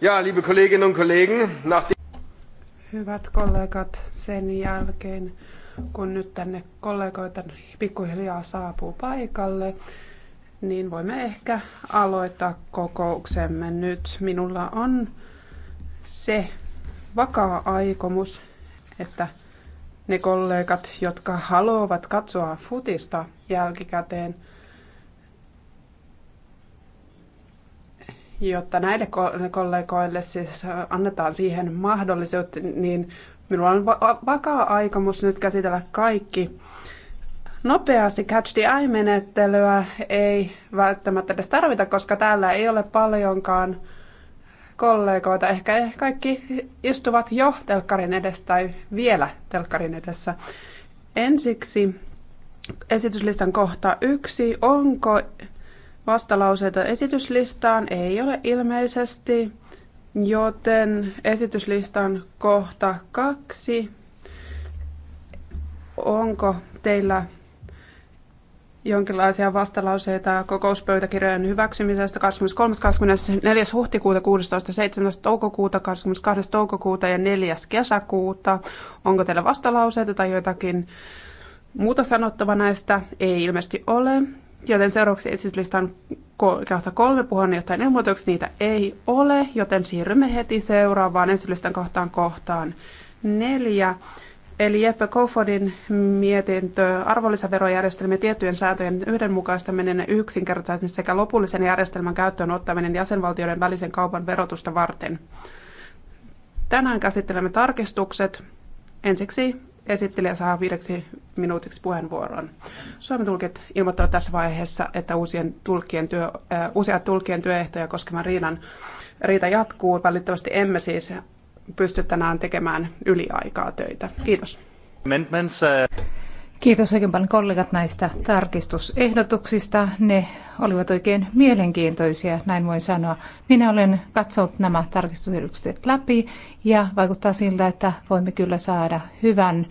Ja, liebe Kolleginnen und Kollegen, nach Hyvät kollegat, sen jälkeen kun nyt tänne kollegoita pikkuhiljaa saapuu paikalle, niin voimme ehkä aloittaa kokouksemme nyt. Minulla on se vakaa aikomus, että ne kollegat, jotka haluavat katsoa futista jälkikäteen, jotta näille kollegoille siis äh, annetaan siihen mahdollisuus, niin minulla on vakaa aikomus nyt käsitellä kaikki nopeasti catch the eye-menettelyä ei välttämättä edes tarvita, koska täällä ei ole paljonkaan kollegoita. Ehkä kaikki istuvat jo telkkarin edessä tai vielä telkkarin edessä. Ensiksi esityslistan kohta yksi. Onko vastalauseita esityslistaan ei ole ilmeisesti, joten esityslistan kohta kaksi. Onko teillä jonkinlaisia vastalauseita kokouspöytäkirjojen hyväksymisestä 23. 24. huhtikuuta, 16. 17. toukokuuta, 22. toukokuuta ja 4. kesäkuuta. Onko teillä vastalauseita tai jotakin muuta sanottava näistä? Ei ilmeisesti ole, Joten seuraavaksi esityslistan kohta kolme puheenjohtajan ilmoituksia. Niitä ei ole, joten siirrymme heti seuraavaan esityslistan kohtaan kohtaan neljä. Eli Jeppe Kofodin mietintö arvonlisäverojärjestelmien tiettyjen sääntöjen yhdenmukaistaminen ja yksinkertaisen sekä lopullisen järjestelmän käyttöön ottaminen jäsenvaltioiden välisen kaupan verotusta varten. Tänään käsittelemme tarkistukset. Ensiksi Esittelijä saa viideksi minuutiksi puheenvuoron. Suomen tulkit ilmoittavat tässä vaiheessa, että uusien tulkien työ, äh, useat tulkien työehtoja koskevan riidan, riita jatkuu. Valitettavasti emme siis pysty tänään tekemään yliaikaa töitä. Kiitos. Kiitos oikein paljon kollegat näistä tarkistusehdotuksista. Ne olivat oikein mielenkiintoisia, näin voin sanoa. Minä olen katsonut nämä tarkistusehdotukset läpi ja vaikuttaa siltä, että voimme kyllä saada hyvän,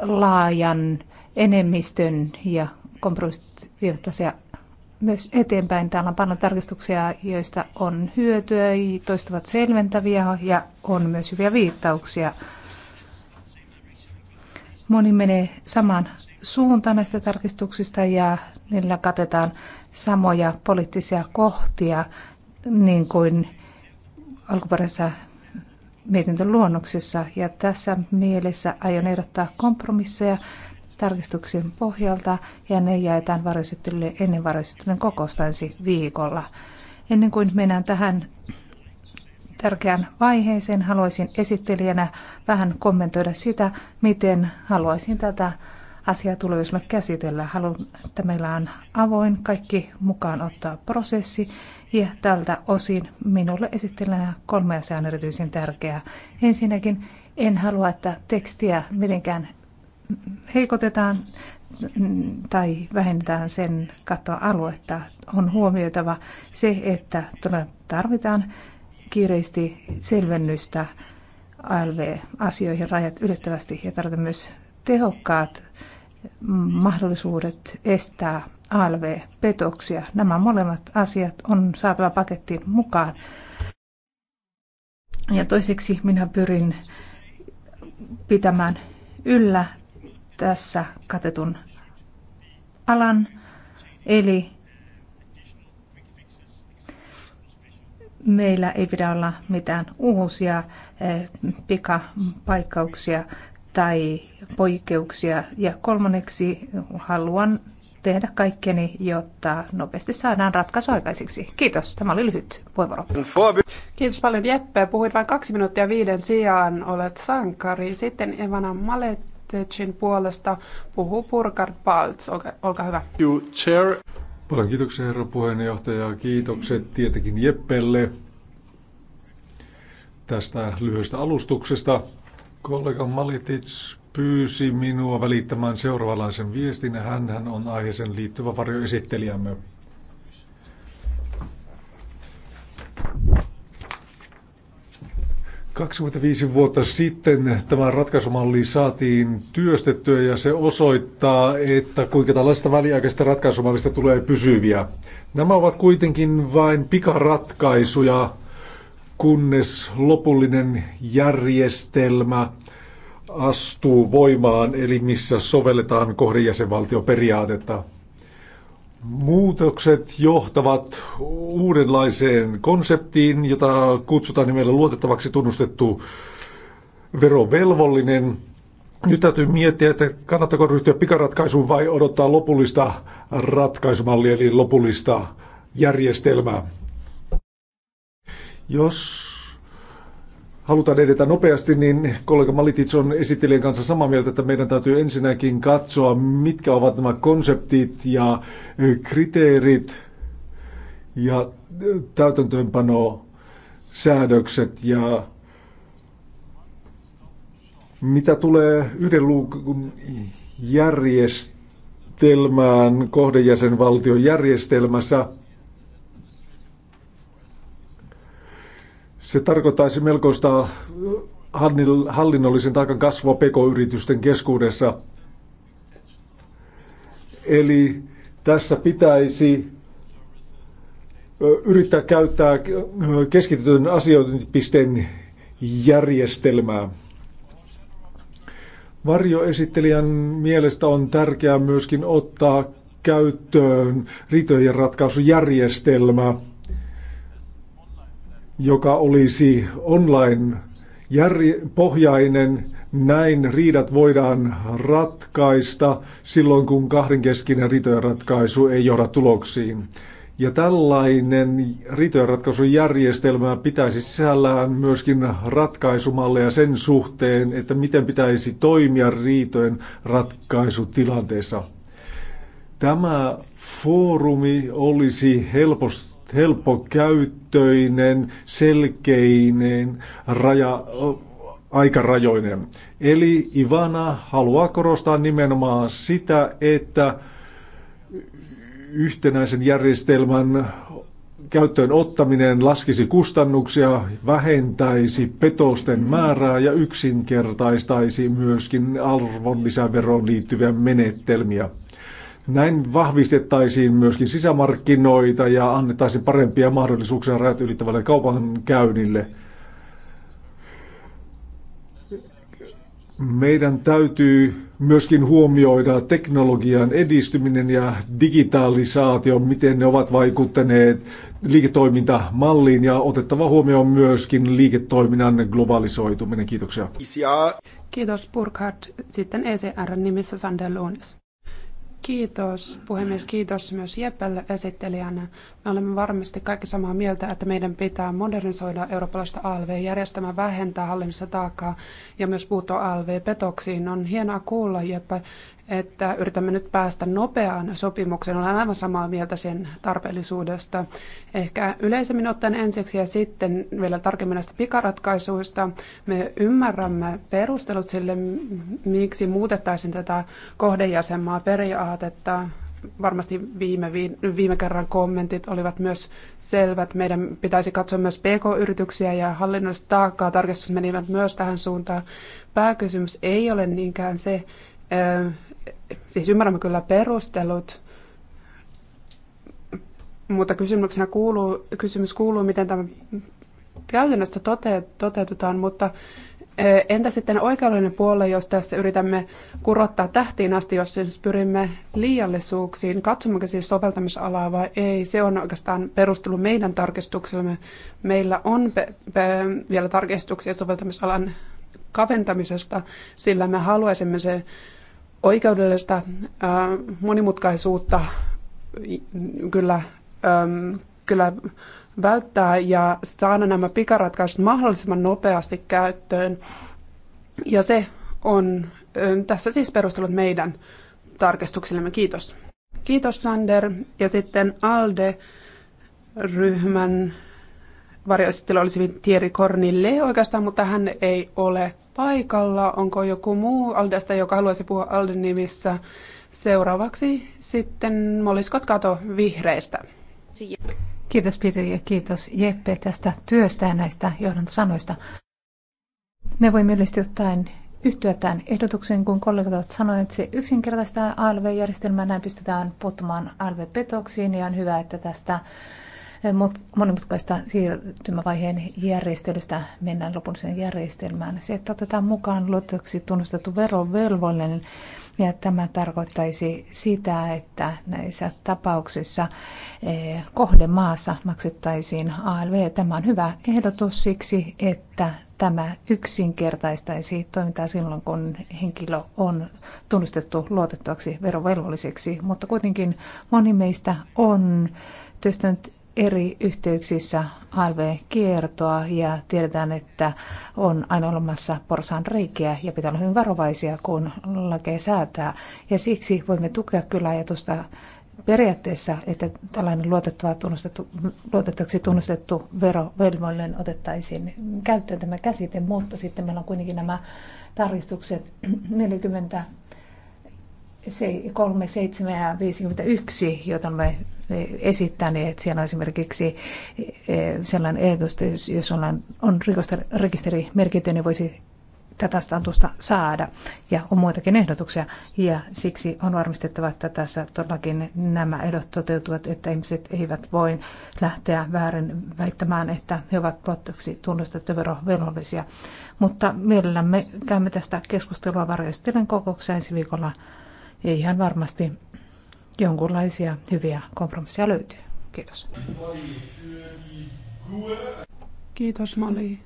laajan enemmistön ja kompromissit vievät myös eteenpäin. Täällä on paljon tarkistuksia, joista on hyötyä, toistuvat selventäviä ja on myös hyviä viittauksia Moni menee saman suuntaan näistä tarkistuksista ja niillä katetaan samoja poliittisia kohtia niin kuin alkuperäisessä mietintöluonnoksessa. Ja tässä mielessä aion ehdottaa kompromisseja tarkistuksien pohjalta ja ne jaetaan varjoisettelylle ennen varjoisittelyn kokousta ensi viikolla. Ennen kuin mennään tähän tärkeään vaiheeseen. Haluaisin esittelijänä vähän kommentoida sitä, miten haluaisin tätä asiaa tulevaisuudessa käsitellä. Haluan, että meillä on avoin kaikki mukaan ottaa prosessi ja tältä osin minulle esittelijänä kolme asiaa on erityisen tärkeää. Ensinnäkin en halua, että tekstiä mitenkään heikotetaan tai vähennetään sen aluetta. On huomioitava se, että tarvitaan kiireesti selvennystä ALV-asioihin rajat ylittävästi ja tarvita myös tehokkaat mahdollisuudet estää ALV-petoksia. Nämä molemmat asiat on saatava pakettiin mukaan. Ja toiseksi minä pyrin pitämään yllä tässä katetun alan, eli meillä ei pidä olla mitään uusia eh, pikapaikkauksia tai poikkeuksia. Ja kolmanneksi haluan tehdä kaikkeni, jotta nopeasti saadaan ratkaisu aikaiseksi. Kiitos, tämä oli lyhyt puheenvuoro. Kiitos paljon Jeppe, puhuit vain kaksi minuuttia viiden sijaan, olet sankari. Sitten Evana Maletecin puolesta puhuu Burkhard Paltz. olkaa, olkaa hyvä. You chair. Paljon kiitoksia herra puheenjohtaja. Kiitokset tietenkin Jeppelle tästä lyhyestä alustuksesta. Kollega Malitic pyysi minua välittämään seuraavanlaisen viestin. hän on aiheeseen liittyvä varjoesittelijämme. 25 vuotta sitten tämä ratkaisumalli saatiin työstettyä ja se osoittaa, että kuinka tällaista väliaikaista ratkaisumallista tulee pysyviä. Nämä ovat kuitenkin vain pikaratkaisuja, kunnes lopullinen järjestelmä astuu voimaan, eli missä sovelletaan kohdejäsenvaltioperiaatetta. Muutokset johtavat uudenlaiseen konseptiin, jota kutsutaan nimellä luotettavaksi tunnustettu verovelvollinen. Nyt täytyy miettiä, että kannattako ryhtyä pikaratkaisuun vai odottaa lopullista ratkaisumallia, eli lopullista järjestelmää. Jos halutaan edetä nopeasti, niin kollega Malitits on esittelijän kanssa samaa mieltä, että meidän täytyy ensinnäkin katsoa, mitkä ovat nämä konseptit ja eh, kriteerit ja eh, täytäntöönpano säädökset ja mitä tulee yhden luukun järjestelmään, kohdejäsenvaltion järjestelmässä, Se tarkoittaisi melkoista hallinnollisen taakan kasvua pk-yritysten keskuudessa. Eli tässä pitäisi yrittää käyttää keskitetyn asiointipisteen järjestelmää. Varjoesittelijän mielestä on tärkeää myöskin ottaa käyttöön riitojen ratkaisujärjestelmä – joka olisi online-pohjainen. Näin riidat voidaan ratkaista silloin, kun kahdenkeskinen riitojen ratkaisu ei johda tuloksiin. Ja tällainen riitojenratkaisujärjestelmä pitäisi sisällään myöskin ratkaisumalleja sen suhteen, että miten pitäisi toimia riitojen ratkaisutilanteessa. Tämä foorumi olisi helposti helppokäyttöinen, selkeinen, raja, aikarajoinen. Eli Ivana haluaa korostaa nimenomaan sitä, että yhtenäisen järjestelmän käyttöön ottaminen laskisi kustannuksia, vähentäisi petosten määrää ja yksinkertaistaisi myöskin arvonlisäveroon liittyviä menettelmiä. Näin vahvistettaisiin myöskin sisämarkkinoita ja annettaisiin parempia mahdollisuuksia rajat ylittävälle kaupankäynnille. Meidän täytyy myöskin huomioida teknologian edistyminen ja digitalisaatio, miten ne ovat vaikuttaneet liiketoimintamalliin ja otettava huomioon myöskin liiketoiminnan globalisoituminen. Kiitoksia. Kiitos Burkhard. Sitten ECR nimissä Sander Luones. Kiitos puhemies, kiitos myös Jeppelle esittelijänä. Me olemme varmasti kaikki samaa mieltä, että meidän pitää modernisoida eurooppalaista ALV-järjestelmää, vähentää hallinnossa taakkaa ja myös puuttua ALV-petoksiin. On hienoa kuulla, Jeppe, että yritämme nyt päästä nopeaan sopimukseen. Olen aivan samaa mieltä sen tarpeellisuudesta. Ehkä yleisemmin ottaen ensiksi ja sitten vielä tarkemmin näistä pikaratkaisuista. Me ymmärrämme perustelut sille, miksi muutettaisiin tätä kohdejäsenmaa periaatetta varmasti viime, viime kerran kommentit olivat myös selvät. Meidän pitäisi katsoa myös PK-yrityksiä ja hallinnollista taakkaa. Tarkistus menivät myös tähän suuntaan. Pääkysymys ei ole niinkään se, siis ymmärrämme kyllä perustelut, mutta kysymyksenä kuuluu, kysymys kuuluu, miten tämä käytännössä tote, toteutetaan, mutta e, entä sitten oikeudellinen puoli, jos tässä yritämme kurottaa tähtiin asti, jos siis pyrimme liiallisuuksiin, katsommeko siis soveltamisalaa vai ei, se on oikeastaan perustelu meidän tarkistuksellemme. Meillä on pe- pe- vielä tarkistuksia soveltamisalan kaventamisesta, sillä me haluaisimme se oikeudellista monimutkaisuutta kyllä, kyllä välttää ja saada nämä pikaratkaisut mahdollisimman nopeasti käyttöön. Ja se on tässä siis perustelut meidän tarkistuksillemme. Kiitos. Kiitos Sander. Ja sitten ALDE-ryhmän varjoesittely olisi Thierry Cornille oikeastaan, mutta hän ei ole paikalla. Onko joku muu Aldesta, joka haluaisi puhua Alden nimissä? Seuraavaksi sitten Molli Scott Kato vihreistä. Kiitos Piri ja kiitos Jeppe tästä työstä ja näistä johdantosanoista. Me voimme yleisesti ottaen yhtyä tämän ehdotuksen, kun kollegat ovat sanoneet, että se yksinkertaistaa ALV-järjestelmää, näin pystytään puuttumaan ALV-petoksiin ja on hyvä, että tästä monimutkaista siirtymävaiheen järjestelystä mennään lopulliseen järjestelmään. Se, että otetaan mukaan luottoksi tunnustettu verovelvollinen, ja tämä tarkoittaisi sitä, että näissä tapauksissa eh, kohdemaassa maksettaisiin ALV. Tämä on hyvä ehdotus siksi, että tämä yksinkertaistaisi toimintaa silloin, kun henkilö on tunnustettu luotettavaksi verovelvolliseksi, mutta kuitenkin moni meistä on työstänyt eri yhteyksissä ALV-kiertoa ja tiedetään, että on aina olemassa porsan reikiä ja pitää olla hyvin varovaisia, kun lakeja säätää. Ja siksi voimme tukea kyllä ajatusta periaatteessa, että tällainen luotettava tunnustettu, luotettavaksi tunnustettu verovelvollinen otettaisiin käyttöön tämä käsite, mutta sitten meillä on kuitenkin nämä tarkistukset 40, 3, 7 ja 51, joita me esittäneet. Siellä on esimerkiksi eh, sellainen ehdotus, jos ollaan, on rikosrekisteri merkitty, niin voisi tätä statusta saada. Ja on muitakin ehdotuksia. Ja siksi on varmistettava, että tässä todellakin nämä ehdot toteutuvat, että ihmiset eivät voi lähteä väärin väittämään, että he ovat luottoksi tunnustettu verovelvollisia. Mutta mielellämme käymme tästä keskustelua varjoistelijan kokouksessa ensi viikolla. Ei ihan varmasti jonkunlaisia hyviä kompromisseja löytyy. Kiitos. Kiitos Mali.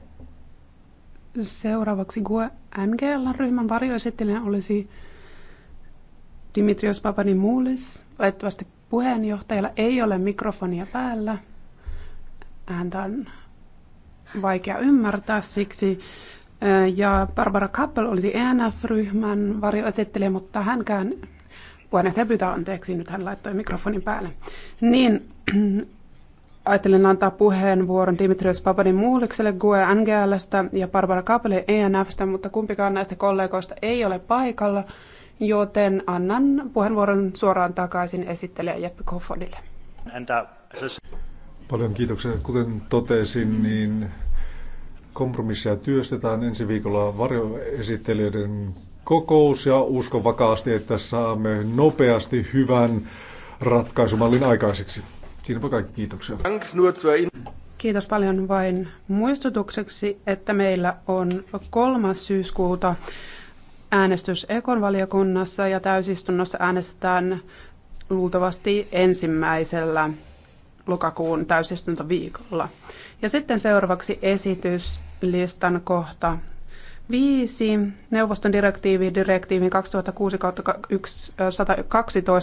Seuraavaksi GUE NGL-ryhmän varjoesittelijä olisi Dimitrios Papadimoulis. Valitettavasti puheenjohtajalla ei ole mikrofonia päällä. Häntä on vaikea ymmärtää siksi. Ja Barbara Kappel olisi ENF-ryhmän varjoesittelijä, mutta hänkään Puheenjohtaja pyytää anteeksi, nyt hän laittoi mikrofonin päälle. Niin, ajattelin antaa puheenvuoron Dimitrios Papadin Muulikselle GUE NGLstä ja Barbara Kaapeli ENFstä, mutta kumpikaan näistä kollegoista ei ole paikalla, joten annan puheenvuoron suoraan takaisin esittelijä Jeppi Kofodille. Uh, Paljon kiitoksia. Kuten totesin, niin kompromissia työstetään ensi viikolla varjoesittelijöiden kokous ja uskon vakaasti, että saamme nopeasti hyvän ratkaisumallin aikaiseksi. Siinäpä kaikki, kiitoksia. Kiitos paljon vain muistutukseksi, että meillä on 3. syyskuuta äänestys Ekon valiokunnassa ja täysistunnossa äänestetään luultavasti ensimmäisellä lokakuun täysistuntoviikolla. Ja sitten seuraavaksi esityslistan kohta 5. Neuvoston direktiivi direktiivin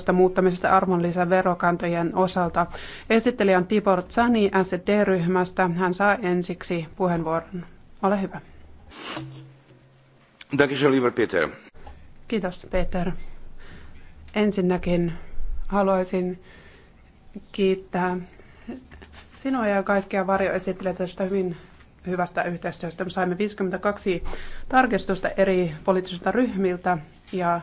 2006-112 muuttamisesta arvonlisäverokantojen osalta. Esittelijä on Tibor Zani SD-ryhmästä. Hän saa ensiksi puheenvuoron. Ole hyvä. Peter. Kiitos Peter. Ensinnäkin haluaisin kiittää sinua ja kaikkia varjoesittelijöitä tästä hyvin hyvästä yhteistyöstä. Me saimme 52 tarkistusta eri poliittisilta ryhmiltä ja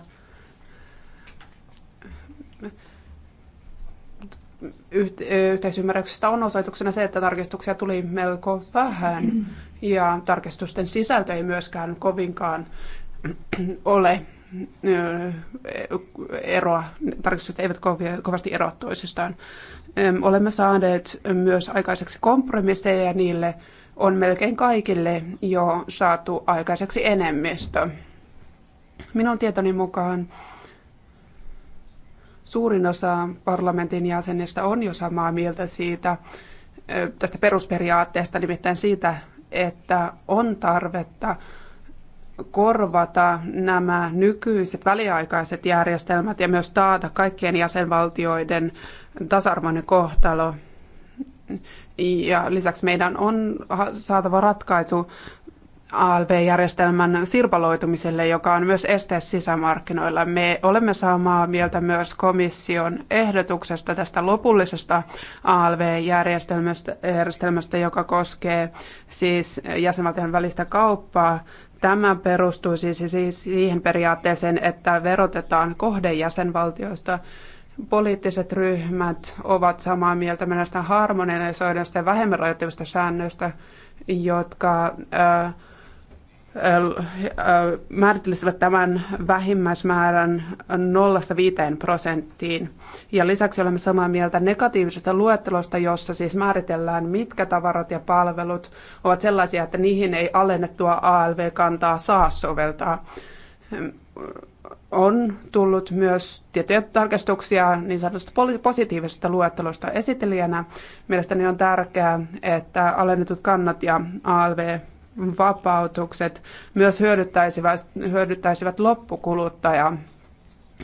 yhteisymmärryksestä on osoituksena se, että tarkistuksia tuli melko vähän ja tarkistusten sisältö ei myöskään kovinkaan ole eroa, tarkistukset eivät kovasti eroa toisistaan. Olemme saaneet myös aikaiseksi kompromisseja niille on melkein kaikille jo saatu aikaiseksi enemmistö. Minun tietoni mukaan suurin osa parlamentin jäsenistä on jo samaa mieltä siitä, tästä perusperiaatteesta, nimittäin siitä, että on tarvetta korvata nämä nykyiset väliaikaiset järjestelmät ja myös taata kaikkien jäsenvaltioiden tasa-arvoinen kohtalo ja lisäksi meidän on saatava ratkaisu ALV-järjestelmän sirpaloitumiselle, joka on myös este sisämarkkinoilla. Me olemme samaa mieltä myös komission ehdotuksesta tästä lopullisesta ALV-järjestelmästä, joka koskee siis jäsenvaltion välistä kauppaa. Tämä perustuu siis siihen periaatteeseen, että verotetaan kohdejäsenvaltioista jäsenvaltioista poliittiset ryhmät ovat samaa mieltä näistä harmonisoidusta ja vähemmän rajoittavista säännöistä, jotka määrittelisivät tämän vähimmäismäärän 0-5 prosenttiin. Ja lisäksi olemme samaa mieltä negatiivisesta luettelosta, jossa siis määritellään, mitkä tavarat ja palvelut ovat sellaisia, että niihin ei alennettua ALV-kantaa saa soveltaa on tullut myös tiettyjä tarkastuksia niin sanotusta positiivisesta luettelosta esittelijänä. Mielestäni on tärkeää, että alennetut kannat ja ALV vapautukset myös hyödyttäisivät, hyödyttäisivät loppukuluttajaa.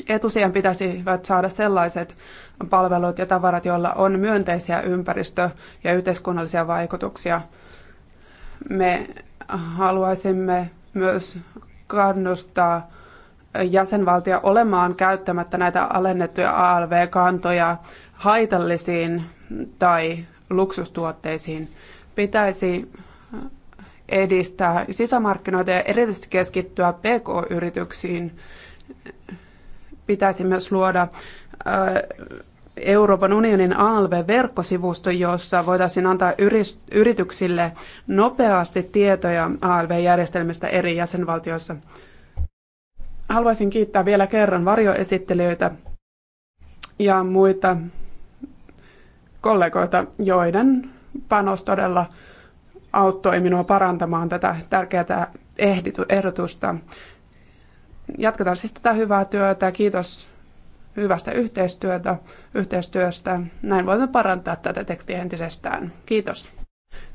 Etusijan pitäisi saada sellaiset palvelut ja tavarat, joilla on myönteisiä ympäristö- ja yhteiskunnallisia vaikutuksia. Me haluaisimme myös kannustaa jäsenvaltio olemaan käyttämättä näitä alennettuja ALV-kantoja haitallisiin tai luksustuotteisiin. Pitäisi äh, edistää sisämarkkinoita ja erityisesti keskittyä PK-yrityksiin. Pitäisi myös luoda äh, Euroopan unionin ALV-verkkosivusto, jossa voitaisiin antaa yrityksille nopeasti tietoja ALV-järjestelmistä eri jäsenvaltioissa. Haluaisin kiittää vielä kerran varjoesittelijöitä ja muita kollegoita, joiden panos todella auttoi minua parantamaan tätä tärkeää ehdotusta. Jatketaan siis tätä hyvää työtä. Kiitos hyvästä yhteistyötä, yhteistyöstä. Näin voimme parantaa tätä tekstiä entisestään. Kiitos.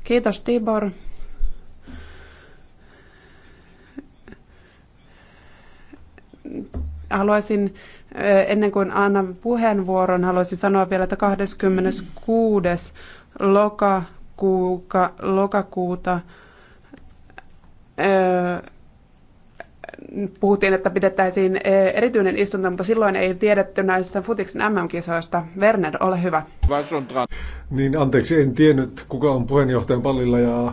Kiitos Tibor. haluaisin, ennen kuin annan puheenvuoron, haluaisin sanoa vielä, että 26. lokakuuta, lokakuuta puhuttiin, että pidettäisiin erityinen istunto, mutta silloin ei tiedetty näistä futiksen MM-kisoista. Werner, ole hyvä. Niin, anteeksi, en tiennyt, kuka on puheenjohtajan pallilla ja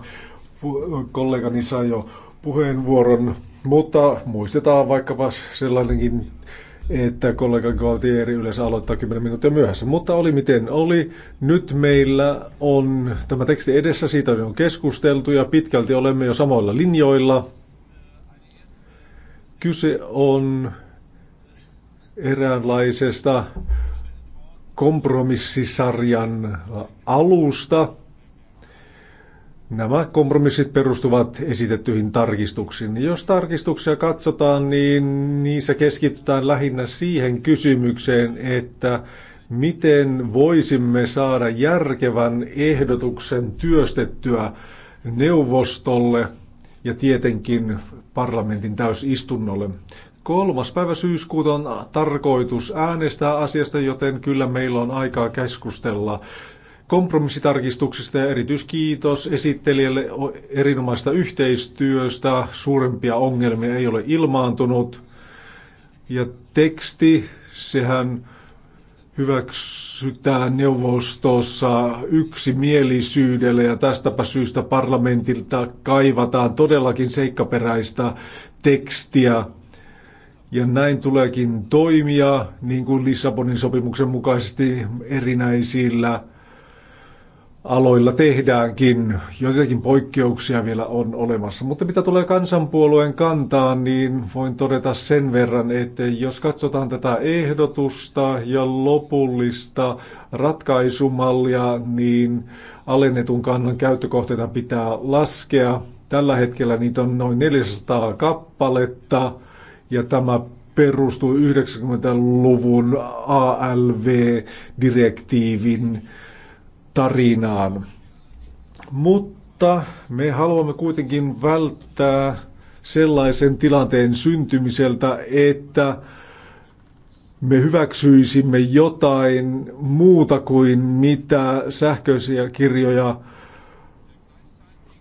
kollegani sai jo puheenvuoron mutta muistetaan vaikkapa sellainenkin, että kollega Gualtieri yleensä aloittaa 10 minuuttia myöhässä. Mutta oli miten oli. Nyt meillä on tämä teksti edessä, siitä on keskusteltu ja pitkälti olemme jo samoilla linjoilla. Kyse on eräänlaisesta kompromissisarjan alusta – Nämä kompromissit perustuvat esitettyihin tarkistuksiin. Jos tarkistuksia katsotaan, niin niissä keskitytään lähinnä siihen kysymykseen, että miten voisimme saada järkevän ehdotuksen työstettyä neuvostolle ja tietenkin parlamentin täysistunnolle. Kolmas päivä syyskuuta on tarkoitus äänestää asiasta, joten kyllä meillä on aikaa keskustella kompromissitarkistuksista ja erityiskiitos esittelijälle erinomaista yhteistyöstä. Suurempia ongelmia ei ole ilmaantunut. Ja teksti, sehän hyväksytään neuvostossa yksimielisyydellä ja tästäpä syystä parlamentilta kaivataan todellakin seikkaperäistä tekstiä. Ja näin tuleekin toimia, niin kuin Lissabonin sopimuksen mukaisesti erinäisillä aloilla tehdäänkin. Joitakin poikkeuksia vielä on olemassa. Mutta mitä tulee kansanpuolueen kantaan, niin voin todeta sen verran, että jos katsotaan tätä ehdotusta ja lopullista ratkaisumallia, niin alennetun kannan käyttökohteita pitää laskea. Tällä hetkellä niitä on noin 400 kappaletta ja tämä perustuu 90-luvun ALV-direktiivin mm tarinaan. Mutta me haluamme kuitenkin välttää sellaisen tilanteen syntymiseltä, että me hyväksyisimme jotain muuta kuin mitä sähköisiä kirjoja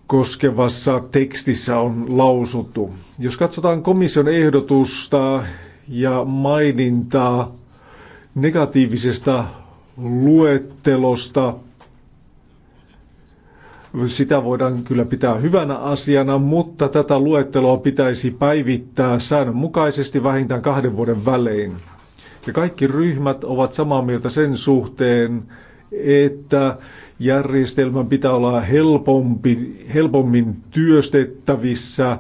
koskevassa tekstissä on lausuttu. Jos katsotaan komission ehdotusta ja mainintaa negatiivisesta luettelosta sitä voidaan kyllä pitää hyvänä asiana, mutta tätä luetteloa pitäisi päivittää säännönmukaisesti vähintään kahden vuoden välein. Ja kaikki ryhmät ovat samaa mieltä sen suhteen, että järjestelmän pitää olla helpompi, helpommin työstettävissä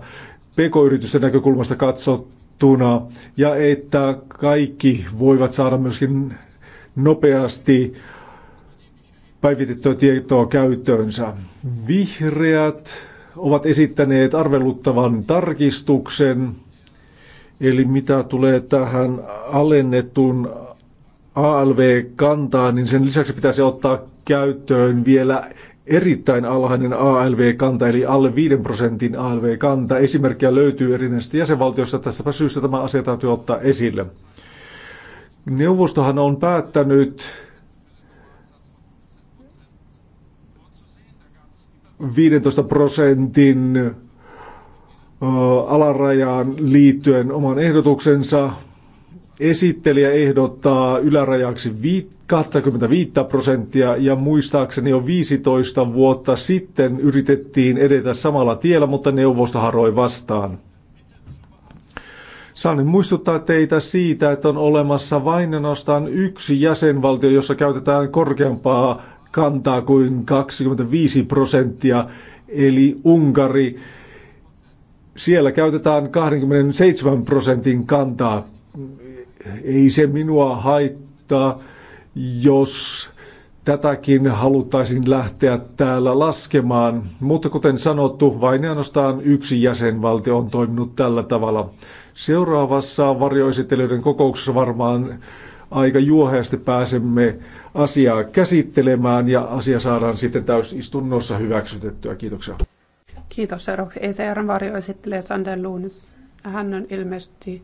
pk-yritysten näkökulmasta katsottuna ja että kaikki voivat saada myöskin nopeasti päivitettyä tietoa käyttöönsä. Vihreät ovat esittäneet arveluttavan tarkistuksen, eli mitä tulee tähän alennetun ALV-kantaan, niin sen lisäksi pitäisi ottaa käyttöön vielä erittäin alhainen ALV-kanta, eli alle 5 prosentin ALV-kanta. Esimerkkejä löytyy erinäisistä jäsenvaltioista. tässä syystä tämä asia täytyy ottaa esille. Neuvostohan on päättänyt 15 prosentin alarajaan liittyen oman ehdotuksensa. Esittelijä ehdottaa ylärajaksi 25 prosenttia ja muistaakseni jo 15 vuotta sitten yritettiin edetä samalla tiellä, mutta neuvosto haroi vastaan. Saanen muistuttaa teitä siitä, että on olemassa vain ja yksi jäsenvaltio, jossa käytetään korkeampaa kantaa kuin 25 prosenttia, eli Unkari. Siellä käytetään 27 prosentin kantaa. Ei se minua haittaa, jos tätäkin haluttaisiin lähteä täällä laskemaan, mutta kuten sanottu, vain ainoastaan yksi jäsenvaltio on toiminut tällä tavalla. Seuraavassa varjoesittelyiden kokouksessa varmaan aika juoheasti pääsemme asiaa käsittelemään ja asia saadaan sitten täysistunnossa hyväksytettyä. Kiitoksia. Kiitos. Seuraavaksi ECRn varjo esittelee Sander Lunes. Hän on ilmeisesti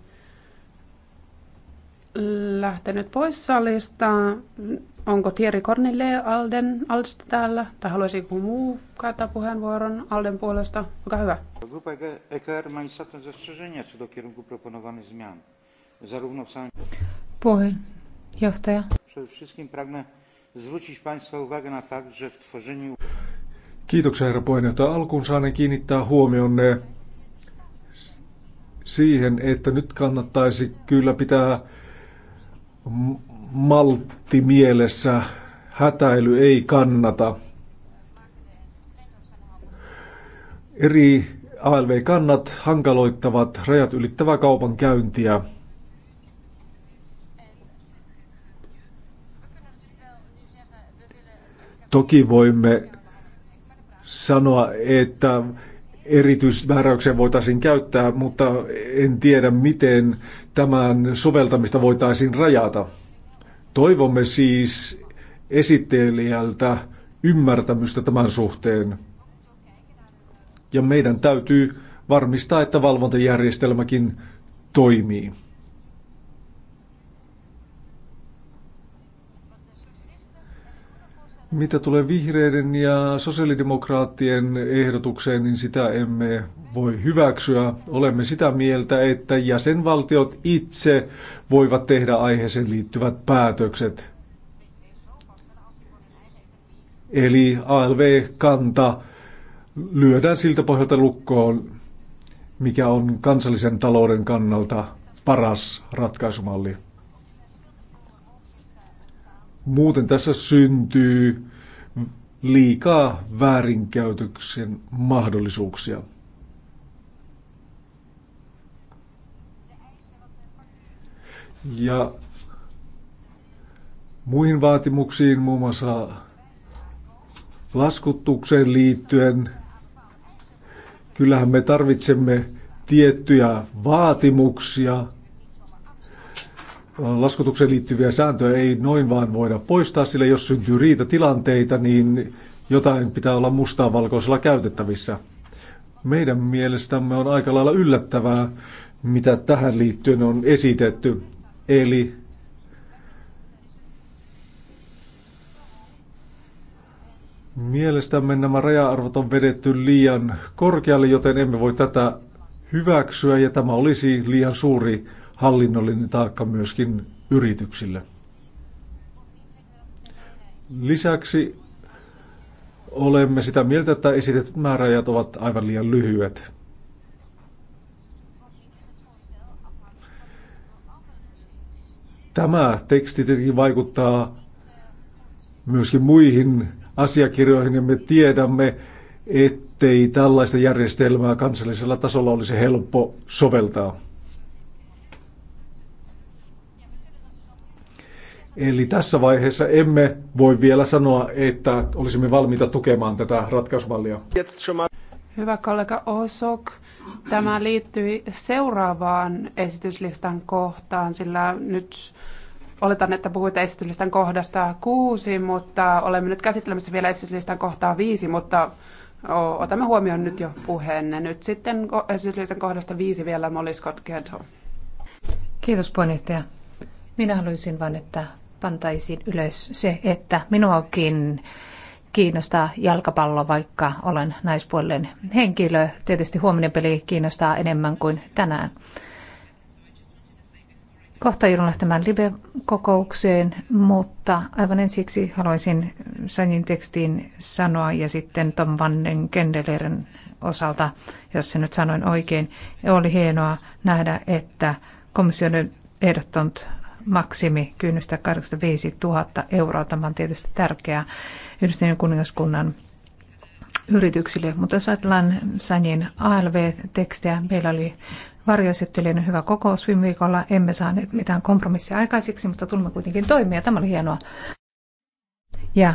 lähtenyt pois salista. Onko Thierry Cornille Alden, Alsta täällä? Tai haluaisi joku muu käyttää puheenvuoron Alden puolesta? Olkaa hyvä. Grupa EKR Puheenjohtaja. Kiitoksia herra puheenjohtaja. Alkuun saan kiinnittää huomionne siihen, että nyt kannattaisi kyllä pitää maltti mielessä. Hätäily ei kannata. Eri ALV-kannat hankaloittavat rajat ylittävää kaupan käyntiä. Toki voimme sanoa, että erityismääräyksiä voitaisiin käyttää, mutta en tiedä, miten tämän soveltamista voitaisiin rajata. Toivomme siis esittelijältä ymmärtämystä tämän suhteen. Ja meidän täytyy varmistaa, että valvontajärjestelmäkin toimii. Mitä tulee vihreiden ja sosiaalidemokraattien ehdotukseen, niin sitä emme voi hyväksyä. Olemme sitä mieltä, että jäsenvaltiot itse voivat tehdä aiheeseen liittyvät päätökset. Eli ALV-kanta lyödään siltä pohjalta lukkoon, mikä on kansallisen talouden kannalta paras ratkaisumalli. Muuten tässä syntyy liikaa väärinkäytöksen mahdollisuuksia. Ja muihin vaatimuksiin, muun muassa laskutukseen liittyen, kyllähän me tarvitsemme tiettyjä vaatimuksia, laskutukseen liittyviä sääntöjä ei noin vaan voida poistaa, sillä jos syntyy tilanteita, niin jotain pitää olla mustaa valkoisella käytettävissä. Meidän mielestämme on aika lailla yllättävää, mitä tähän liittyen on esitetty. Eli Mielestämme nämä raja-arvot on vedetty liian korkealle, joten emme voi tätä hyväksyä ja tämä olisi liian suuri hallinnollinen taakka myöskin yrityksille. Lisäksi olemme sitä mieltä, että esitetyt määräajat ovat aivan liian lyhyet. Tämä teksti tietenkin vaikuttaa myöskin muihin asiakirjoihin ja me tiedämme, ettei tällaista järjestelmää kansallisella tasolla olisi helppo soveltaa. Eli tässä vaiheessa emme voi vielä sanoa, että olisimme valmiita tukemaan tätä ratkaisumallia. Hyvä kollega Osok, tämä liittyy seuraavaan esityslistan kohtaan, sillä nyt oletan, että puhuit esityslistan kohdasta kuusi, mutta olemme nyt käsittelemässä vielä esityslistan kohtaa viisi, mutta otamme huomioon nyt jo puheenne. Nyt sitten esityslistan kohdasta viisi vielä Molly Scott Kiitos puheenjohtaja. Minä haluaisin vain, että pantaisiin ylös se, että minuakin kiinnostaa jalkapallo, vaikka olen naispuolinen henkilö. Tietysti huominen peli kiinnostaa enemmän kuin tänään. Kohta joudun lähtemään live-kokoukseen, mutta aivan ensiksi haluaisin Sanjin tekstiin sanoa ja sitten Tom Vannen Kendeleren osalta, jos se nyt sanoin oikein. Oli hienoa nähdä, että komission ehdottomat maksimikynnystä 85 000 euroa. Tämä on tietysti tärkeää yhdistyneen kuningaskunnan yrityksille. Mutta jos ajatellaan Sanjin ALV-tekstiä, meillä oli varjoesittelijän hyvä kokous viime viikolla. Emme saaneet mitään kompromissia aikaiseksi, mutta tulimme kuitenkin toimia. Tämä oli hienoa. Ja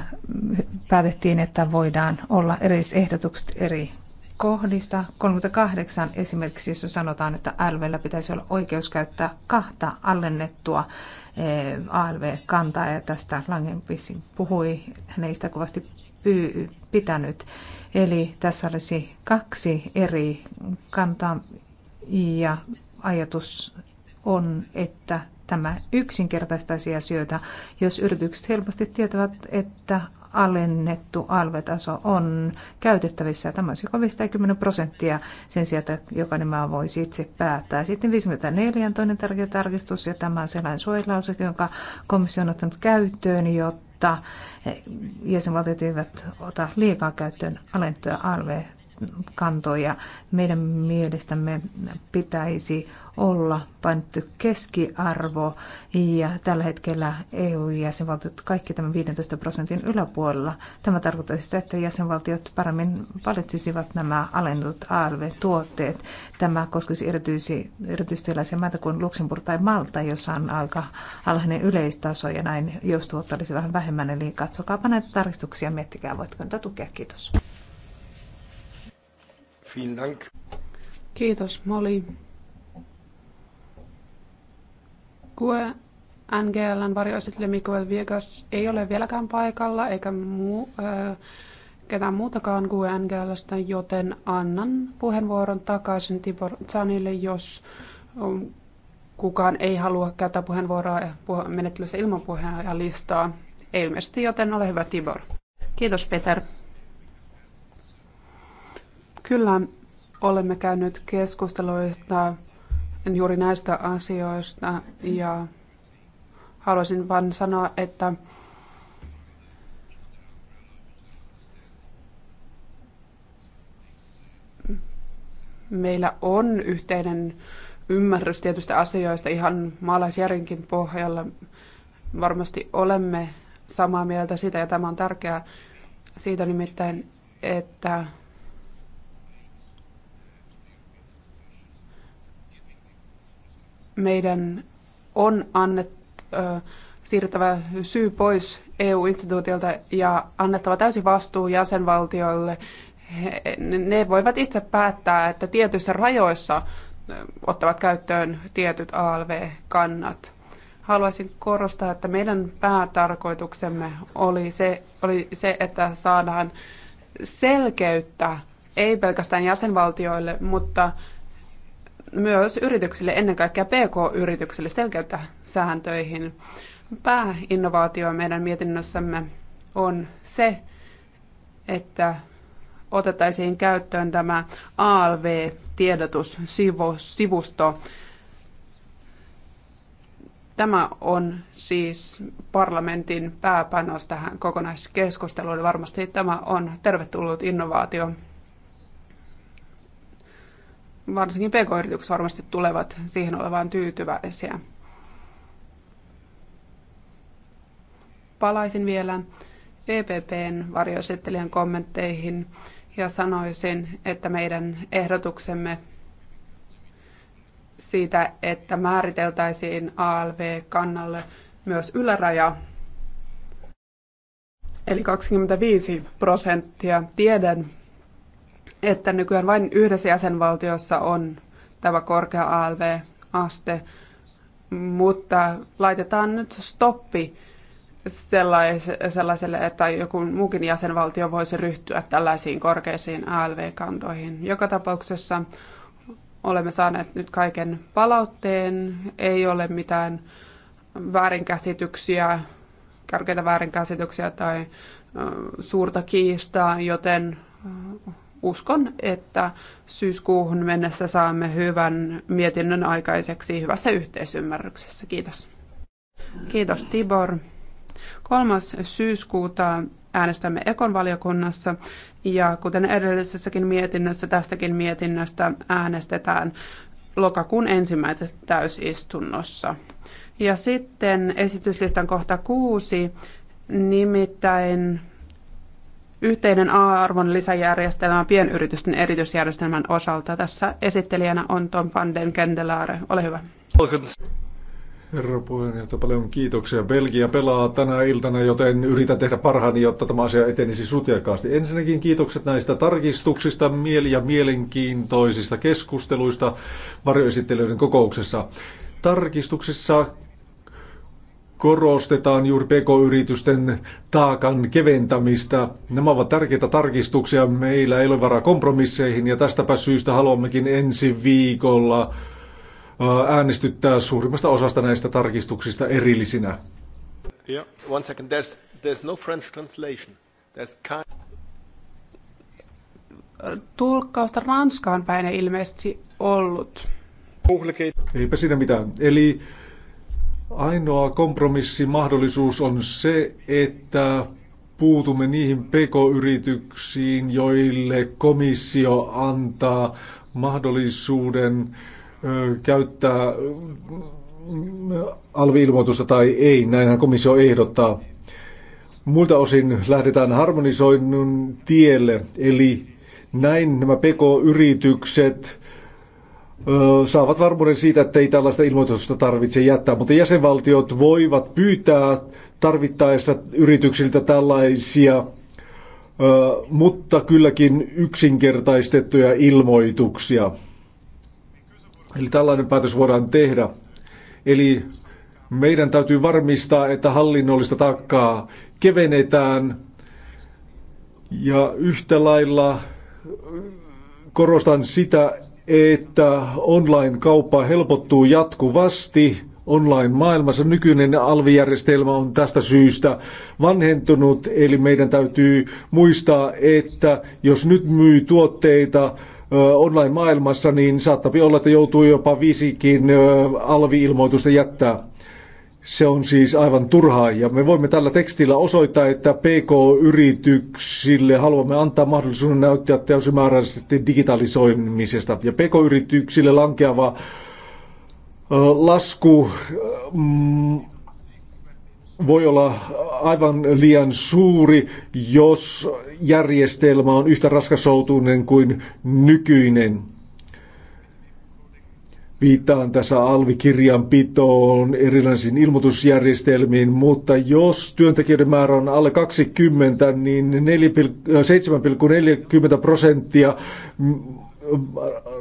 päätettiin, että voidaan olla eri ehdotukset eri kohdista 38 esimerkiksi, jossa sanotaan, että ALVllä pitäisi olla oikeus käyttää kahta allennettua eh, ALV-kantaa, ja tästä Langenpissin puhui, hän ei sitä kovasti pyy- pitänyt. Eli tässä olisi kaksi eri kantaa, ja ajatus on, että tämä yksinkertaistaisi asioita, jos yritykset helposti tietävät, että alennettu alvetaso on käytettävissä. Tämä olisi joka 50 prosenttia sen sieltä, jokainen maa voisi itse päättää. Sitten 54 on toinen tärkeä tarkistus ja tämä on sellainen suojelauseke, jonka komissio on ottanut käyttöön, jotta jäsenvaltiot eivät ota liikaa käyttöön alentoja alve kantoja. Meidän mielestämme pitäisi olla painettu keskiarvo ja tällä hetkellä EU-jäsenvaltiot kaikki tämän 15 prosentin yläpuolella. Tämä tarkoittaisi, sitä, että jäsenvaltiot paremmin valitsisivat nämä alennut ALV-tuotteet. Tämä koskisi erityisesti, erityisesti sellaisia maita kuin Luxemburg tai Malta, jossa on aika alhainen yleistaso ja näin joustuvuutta olisi vähän vähemmän. Eli katsokaapa näitä tarkistuksia ja miettikää, voitko niitä tukea. Kiitos. Vielen Dank. Kiitos, Molly. Kue NGLn varjoesittelijä Miguel Viegas ei ole vieläkään paikalla, eikä muu, äh, ketään muutakaan Kue NGLstä, joten annan puheenvuoron takaisin Tibor Zanille, jos kukaan ei halua käyttää puheenvuoroa eh, menettelyssä ilman puheenjohtajan listaa. Ei ilmeisesti, joten ole hyvä Tibor. Kiitos Peter. Kyllä olemme käyneet keskusteluista juuri näistä asioista ja haluaisin vain sanoa, että meillä on yhteinen ymmärrys tietystä asioista ihan maalaisjärjenkin pohjalla. Varmasti olemme samaa mieltä siitä, ja tämä on tärkeää siitä nimittäin, että meidän on annet, siirrettävä syy pois EU-instituutiolta ja annettava täysi vastuu jäsenvaltioille. He, ne voivat itse päättää, että tietyissä rajoissa ottavat käyttöön tietyt ALV-kannat. Haluaisin korostaa, että meidän päätarkoituksemme oli se, oli se että saadaan selkeyttä ei pelkästään jäsenvaltioille, mutta myös yrityksille, ennen kaikkea PK-yrityksille, selkeyttä sääntöihin. Pääinnovaatio meidän mietinnössämme on se, että otettaisiin käyttöön tämä ALV-tiedotussivusto. Tämä on siis parlamentin pääpanos tähän kokonaiskeskusteluun. Varmasti tämä on tervetullut innovaatio varsinkin pk-yritykset varmasti tulevat siihen olevaan tyytyväisiä. Palaisin vielä EPPn varjoesittelijän kommentteihin ja sanoisin, että meidän ehdotuksemme siitä, että määriteltäisiin ALV-kannalle myös yläraja, eli 25 prosenttia. Tiedän, että nykyään vain yhdessä jäsenvaltiossa on tämä korkea ALV-aste, mutta laitetaan nyt stoppi sellaiselle, että joku muukin jäsenvaltio voisi ryhtyä tällaisiin korkeisiin ALV-kantoihin. Joka tapauksessa olemme saaneet nyt kaiken palautteen, ei ole mitään väärinkäsityksiä, karkeita väärinkäsityksiä tai suurta kiistaa, joten uskon, että syyskuuhun mennessä saamme hyvän mietinnön aikaiseksi hyvässä yhteisymmärryksessä. Kiitos. Kiitos Tibor. Kolmas syyskuuta äänestämme Ekon valiokunnassa ja kuten edellisessäkin mietinnössä, tästäkin mietinnöstä äänestetään lokakuun ensimmäisessä täysistunnossa. Ja sitten esityslistan kohta kuusi, nimittäin yhteinen A-arvon lisäjärjestelmä pienyritysten erityisjärjestelmän osalta. Tässä esittelijänä on Tom van den Kendelaare. Ole hyvä. Herra puheenjohtaja, paljon kiitoksia. Belgia pelaa tänä iltana, joten yritän tehdä parhaani, jotta tämä asia etenisi sutjakkaasti. Ensinnäkin kiitokset näistä tarkistuksista, mieli- ja mielenkiintoisista keskusteluista varjoesittelyiden kokouksessa. Tarkistuksissa korostetaan juuri pk-yritysten taakan keventämistä. Nämä ovat tärkeitä tarkistuksia. Meillä ei ole varaa kompromisseihin ja tästäpä syystä haluammekin ensi viikolla äh, äänestyttää suurimmasta osasta näistä tarkistuksista erillisinä. Yeah. One second. There's, there's no French translation. There's kind... Tulkkausta Ranskaan päin ei ilmeisesti ollut. Eipä siinä mitään. Eli Ainoa kompromissimahdollisuus on se, että puutumme niihin pk-yrityksiin, joille komissio antaa mahdollisuuden käyttää mm, alviilmoitusta tai ei. Näinhän komissio ehdottaa. Muilta osin lähdetään harmonisoinnun tielle, eli näin nämä pk-yritykset saavat varmuuden siitä, että ei tällaista ilmoitusta tarvitse jättää, mutta jäsenvaltiot voivat pyytää tarvittaessa yrityksiltä tällaisia, mutta kylläkin yksinkertaistettuja ilmoituksia. Eli tällainen päätös voidaan tehdä. Eli meidän täytyy varmistaa, että hallinnollista takkaa kevenetään ja yhtä lailla korostan sitä, että online-kauppa helpottuu jatkuvasti online-maailmassa. Nykyinen alvijärjestelmä on tästä syystä vanhentunut, eli meidän täytyy muistaa, että jos nyt myy tuotteita online-maailmassa, niin saattaa olla, että joutuu jopa viisikin alvi-ilmoitusta jättää. Se on siis aivan turhaa ja me voimme tällä tekstillä osoittaa, että PK-yrityksille haluamme antaa mahdollisuuden näyttää täysimääräisesti digitalisoimisesta. Ja PK-yrityksille lankeava lasku mm, voi olla aivan liian suuri, jos järjestelmä on yhtä raskasoutuinen kuin nykyinen. Viittaan tässä alvikirjanpitoon, erilaisiin ilmoitusjärjestelmiin, mutta jos työntekijöiden määrä on alle 20, niin 7,40 prosenttia mm,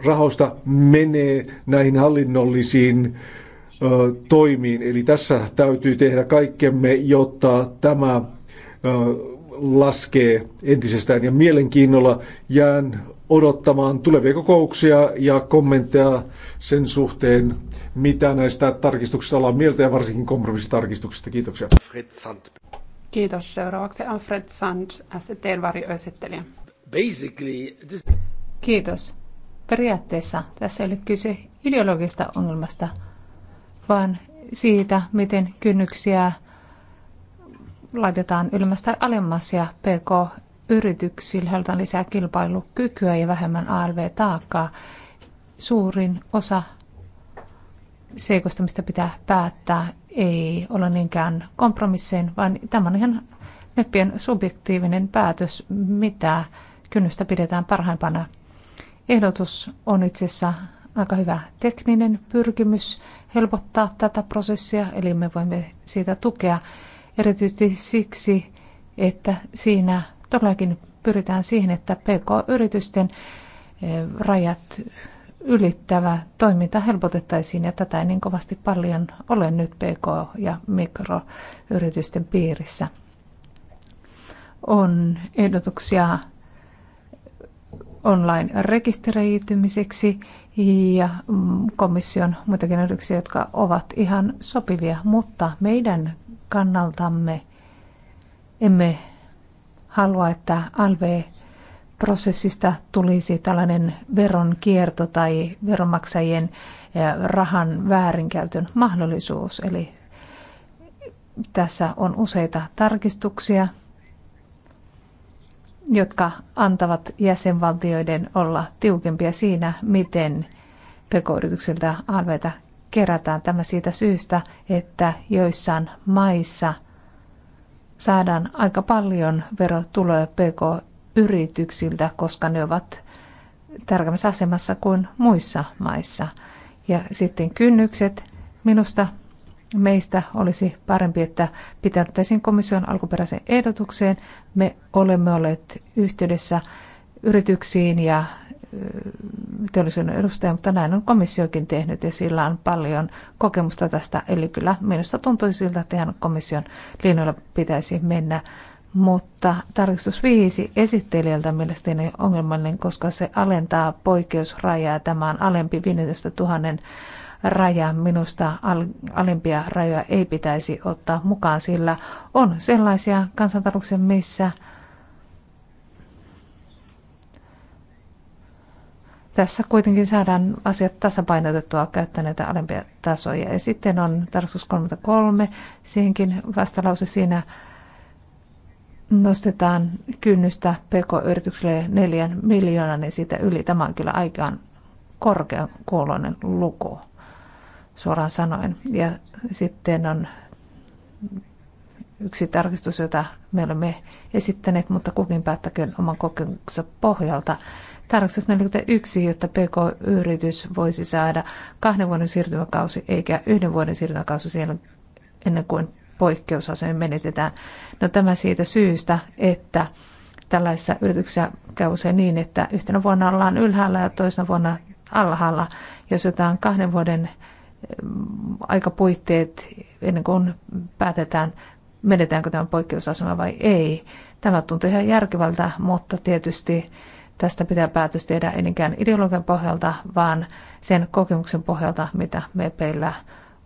rahoista menee näihin hallinnollisiin toimiin. Eli tässä täytyy tehdä kaikkemme, jotta tämä laskee entisestään. Ja mielenkiinnolla jään odottamaan tulevia kokouksia ja kommentteja sen suhteen, mitä näistä tarkistuksista ollaan mieltä ja varsinkin kompromissitarkistuksista. Kiitoksia. Sand. Kiitos. Seuraavaksi Alfred Sand, STTn varjoesittelijä. Basically, this... Kiitos. Periaatteessa tässä ei ole kyse ideologista ongelmasta, vaan siitä, miten kynnyksiä laitetaan ylemmästä alemmas ja PK yrityksillä halutaan lisää kilpailukykyä ja vähemmän ALV-taakkaa. Suurin osa seikosta, mistä pitää päättää, ei ole niinkään kompromissein, vaan tämä on ihan meppien subjektiivinen päätös, mitä kynnystä pidetään parhaimpana. Ehdotus on itse asiassa aika hyvä tekninen pyrkimys helpottaa tätä prosessia, eli me voimme siitä tukea erityisesti siksi, että siinä todellakin pyritään siihen, että PK-yritysten eh, rajat ylittävä toiminta helpotettaisiin ja tätä ei niin kovasti paljon ole nyt PK- ja mikroyritysten piirissä. On ehdotuksia online-rekisteröitymiseksi ja komission muitakin ehdotuksia, jotka ovat ihan sopivia, mutta meidän kannaltamme emme halua, että ALVE-prosessista tulisi tällainen veronkierto tai veronmaksajien eh, rahan väärinkäytön mahdollisuus. Eli tässä on useita tarkistuksia, jotka antavat jäsenvaltioiden olla tiukempia siinä, miten pk-yrityksiltä alveita kerätään. Tämä siitä syystä, että joissain maissa – saadaan aika paljon verotuloja pk-yrityksiltä, koska ne ovat tärkeämmässä asemassa kuin muissa maissa. Ja sitten kynnykset. Minusta meistä olisi parempi, että pitäyttäisiin komission alkuperäiseen ehdotukseen. Me olemme olleet yhteydessä yrityksiin ja teollisuuden edustaja, mutta näin on komissiokin tehnyt ja sillä on paljon kokemusta tästä. Eli kyllä minusta tuntui siltä, että ihan komission linjoilla pitäisi mennä. Mutta tarkistus viisi esittelijältä mielestäni ongelmallinen, koska se alentaa poikkeusrajaa. Tämä on alempi 15 000 raja. Minusta alempia rajoja ei pitäisi ottaa mukaan, sillä on sellaisia kansantalouksia, missä Tässä kuitenkin saadaan asiat tasapainotettua käyttää näitä alempia tasoja. Ja sitten on tarkoitus 33, siihenkin vastalause siinä nostetaan kynnystä pk-yritykselle neljän miljoonan niin siitä yli. Tämä on kyllä aikaan korkeakuuloinen luku, suoraan sanoen. Ja sitten on yksi tarkistus, jota me olemme esittäneet, mutta kukin päättäköön oman kokemuksensa pohjalta tarkastus yksi, jotta PK-yritys voisi saada kahden vuoden siirtymäkausi eikä yhden vuoden siirtymäkausi siellä ennen kuin poikkeusasemi menetetään. No tämä siitä syystä, että tällaisissa yrityksissä käy usein niin, että yhtenä vuonna ollaan ylhäällä ja toisena vuonna alhaalla. Jos jotain kahden vuoden mm, aikapuitteet ennen kuin päätetään, menetäänkö tämä poikkeusasema vai ei. Tämä tuntuu ihan järkevältä, mutta tietysti Tästä pitää päätös tehdä ennenkään ideologian pohjalta, vaan sen kokemuksen pohjalta, mitä peillä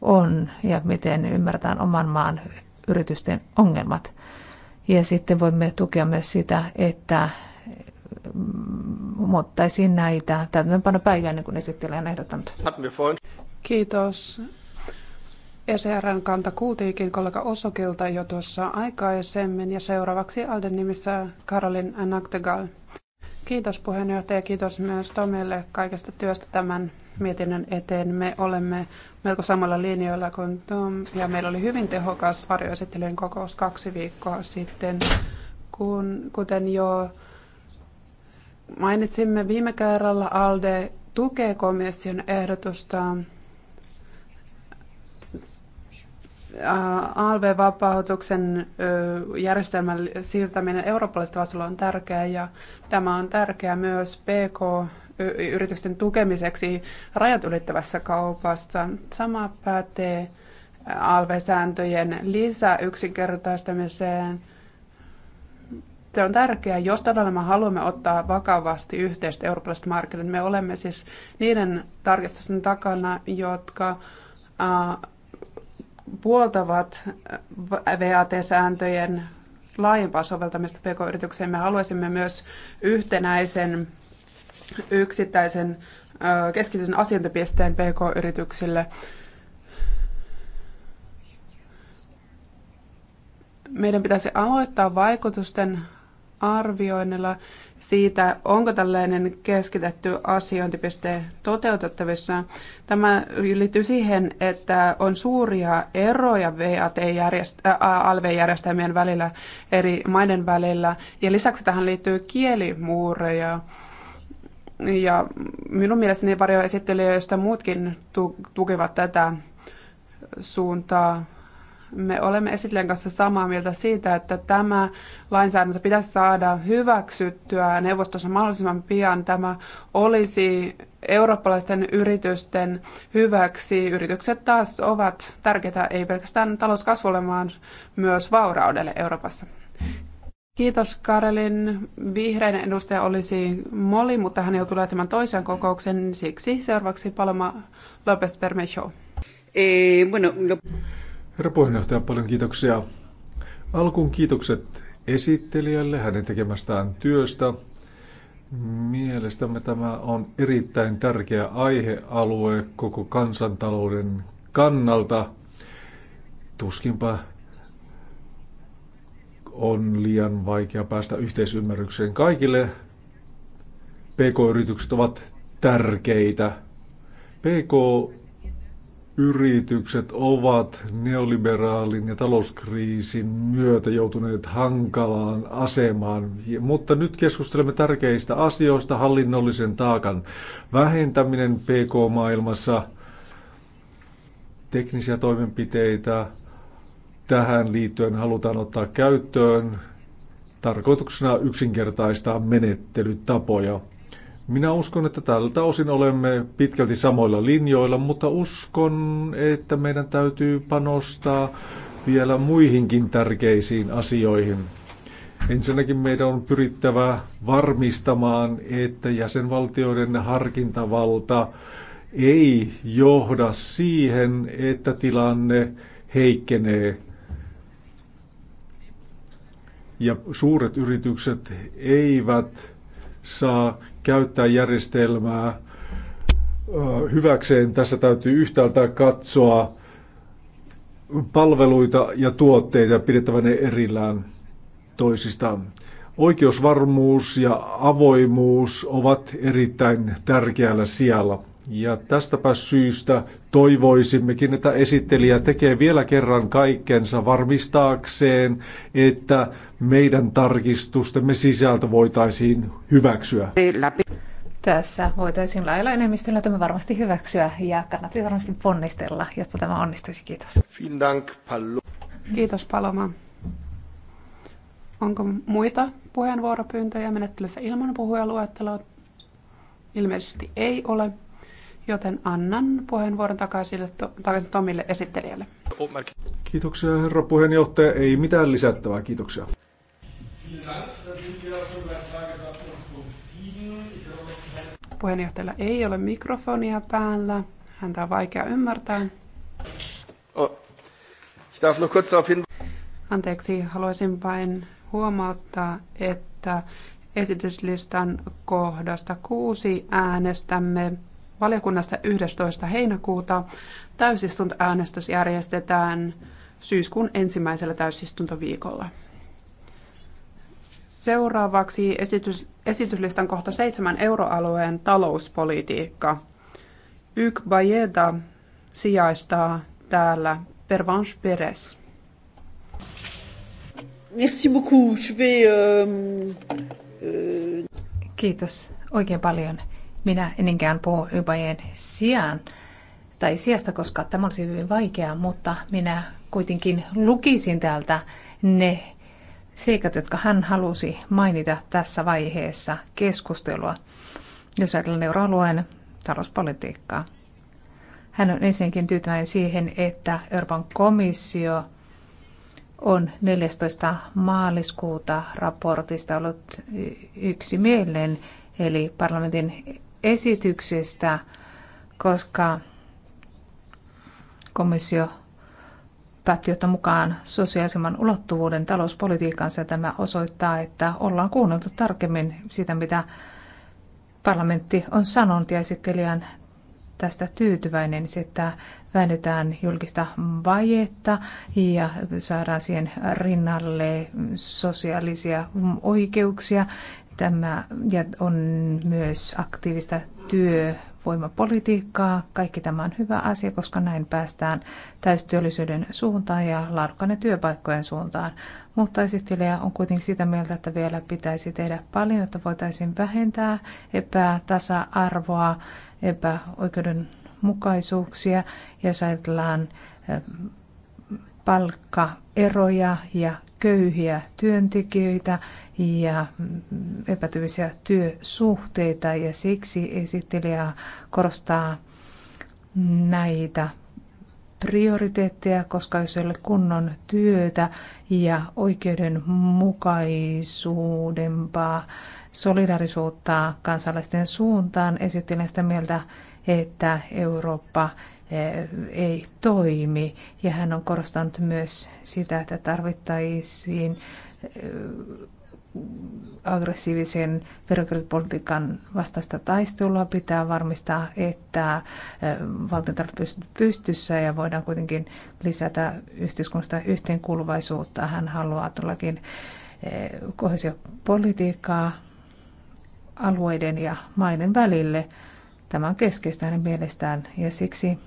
on ja miten ymmärretään oman maan yritysten ongelmat. Ja sitten voimme tukea myös sitä, että mm, muuttaisiin näitä täytäntöönpanopäiviä, niin kuin esittelijä on ehdottanut. Kiitos. ECRn kanta kuultiinkin kollega Osokilta jo tuossa aikaisemmin ja seuraavaksi Alden nimissä Karolin Anaktegal. Kiitos puheenjohtaja, kiitos myös Tomille kaikesta työstä tämän mietinnön eteen. Me olemme melko samalla linjoilla kuin Tom, ja meillä oli hyvin tehokas varjoesittelijän kokous kaksi viikkoa sitten, kun, kuten jo mainitsimme viime kerralla, ALDE tukee komission ehdotusta ALV-vapautuksen järjestelmän siirtäminen eurooppalaisesta vastuulle on tärkeää ja tämä on tärkeää myös PK yritysten tukemiseksi rajat ylittävässä kaupassa. Sama pätee ALV-sääntöjen lisäyksinkertaistamiseen. Se on tärkeää, jos todella me haluamme ottaa vakavasti yhteistä eurooppalaiset markkinat. Me olemme siis niiden tarkistusten takana, jotka puoltavat äh, VAT-sääntöjen laajempaa soveltamista pk-yritykseen. Me haluaisimme myös yhtenäisen yksittäisen äh, keskityn asiantopisteen pk-yrityksille. Meidän pitäisi aloittaa vaikutusten arvioinnilla siitä, onko tällainen keskitetty asiointipiste toteutettavissa. Tämä liittyy siihen, että on suuria eroja alv järjestelmien välillä eri maiden välillä. Ja lisäksi tähän liittyy kielimuureja. Ja minun mielestäni varjoesittelijöistä muutkin tukevat tätä suuntaa me olemme esittelijän kanssa samaa mieltä siitä, että tämä lainsäädäntö pitäisi saada hyväksyttyä neuvostossa mahdollisimman pian. Tämä olisi eurooppalaisten yritysten hyväksi. Yritykset taas ovat tärkeitä ei pelkästään talouskasvulle, vaan myös vauraudelle Euroopassa. Kiitos Karelin. Vihreinen edustaja olisi Moli, mutta hän joutui lähtemään toisen kokouksen, siksi seuraavaksi Paloma López Permejo. Eh, bueno, lo... Herra puheenjohtaja, paljon kiitoksia. Alkuun kiitokset esittelijälle hänen tekemästään työstä. Mielestämme tämä on erittäin tärkeä aihealue koko kansantalouden kannalta. Tuskinpa on liian vaikea päästä yhteisymmärrykseen kaikille. PK-yritykset ovat tärkeitä. PK yritykset ovat neoliberaalin ja talouskriisin myötä joutuneet hankalaan asemaan. Mutta nyt keskustelemme tärkeistä asioista. Hallinnollisen taakan vähentäminen PK-maailmassa, teknisiä toimenpiteitä tähän liittyen halutaan ottaa käyttöön. Tarkoituksena yksinkertaistaa menettelytapoja. Minä uskon, että tältä osin olemme pitkälti samoilla linjoilla, mutta uskon, että meidän täytyy panostaa vielä muihinkin tärkeisiin asioihin. Ensinnäkin meidän on pyrittävä varmistamaan, että jäsenvaltioiden harkintavalta ei johda siihen, että tilanne heikkenee. Ja suuret yritykset eivät saa käyttää järjestelmää hyväkseen. Tässä täytyy yhtäältä katsoa palveluita ja tuotteita pidettävä ne erillään toisistaan. Oikeusvarmuus ja avoimuus ovat erittäin tärkeällä sijalla. Ja tästäpä syystä toivoisimmekin, että esittelijä tekee vielä kerran kaikkensa varmistaakseen, että meidän tarkistustemme sisältö voitaisiin hyväksyä. Tässä voitaisiin lailla enemmistöllä tämä varmasti hyväksyä ja kannattaa varmasti ponnistella, jotta tämä onnistuisi. Kiitos. dank Kiitos Paloma. Onko muita puheenvuoropyyntöjä menettelyssä ilman puhujaluetteloa? Ilmeisesti ei ole joten annan puheenvuoron takaisin, takaisin Tomille esittelijälle. Kiitoksia herra puheenjohtaja. Ei mitään lisättävää. Kiitoksia. Puheenjohtajalla ei ole mikrofonia päällä. Häntä on vaikea ymmärtää. Oh. Ich darf nur kurz darauf hin... Anteeksi, haluaisin vain huomauttaa, että esityslistan kohdasta kuusi äänestämme valiokunnassa 11. heinäkuuta. Täysistuntoäänestys järjestetään syyskuun ensimmäisellä täysistuntoviikolla. Seuraavaksi esitys, esityslistan kohta seitsemän euroalueen talouspolitiikka. Yk Bajeda sijaistaa täällä Pervanche Perez. Merci beaucoup. Je vais, euh, euh... Kiitos oikein paljon. Minä eninkään puhu Ybajen sijaan tai sijasta, koska tämä olisi hyvin vaikeaa, mutta minä kuitenkin lukisin täältä ne seikat, jotka hän halusi mainita tässä vaiheessa keskustelua, jos ajatellaan euroalueen talouspolitiikkaa. Hän on ensinnäkin tyytyväinen siihen, että Euroopan komissio on 14. maaliskuuta raportista ollut yksimielinen, eli parlamentin esityksestä, koska komissio päätti ottaa mukaan sosiaalisemman ulottuvuuden talouspolitiikansa Tämä osoittaa, että ollaan kuunneltu tarkemmin sitä, mitä parlamentti on sanonut ja esittelijän tästä tyytyväinen, että väännetään julkista vajetta ja saadaan siihen rinnalle sosiaalisia oikeuksia Tämä ja on myös aktiivista työvoimapolitiikkaa. Kaikki tämä on hyvä asia, koska näin päästään täystyöllisyyden suuntaan ja laadukkaiden työpaikkojen suuntaan. Mutta esittelijä on kuitenkin sitä mieltä, että vielä pitäisi tehdä paljon, että voitaisiin vähentää epätasa-arvoa, epäoikeudenmukaisuuksia. Jos ajatellaan palkkaeroja ja köyhiä työntekijöitä ja epätyvisiä työsuhteita ja siksi esittelijä korostaa näitä prioriteetteja, koska jos ei ole kunnon työtä ja oikeudenmukaisuudempaa solidarisuutta kansalaisten suuntaan, esittelen sitä mieltä, että Eurooppa Eh, ei toimi. Ja hän on korostanut myös sitä, että tarvittaisiin eh, aggressiivisen verokirjapolitiikan vastaista taistelua pitää varmistaa, että eh, valtion pystyssä ja voidaan kuitenkin lisätä yhteiskunnasta yhteenkuuluvaisuutta. Hän haluaa todellakin kohesiopolitiikkaa alueiden ja maiden välille. Tämä on keskeistä hänen mielestään ja siksi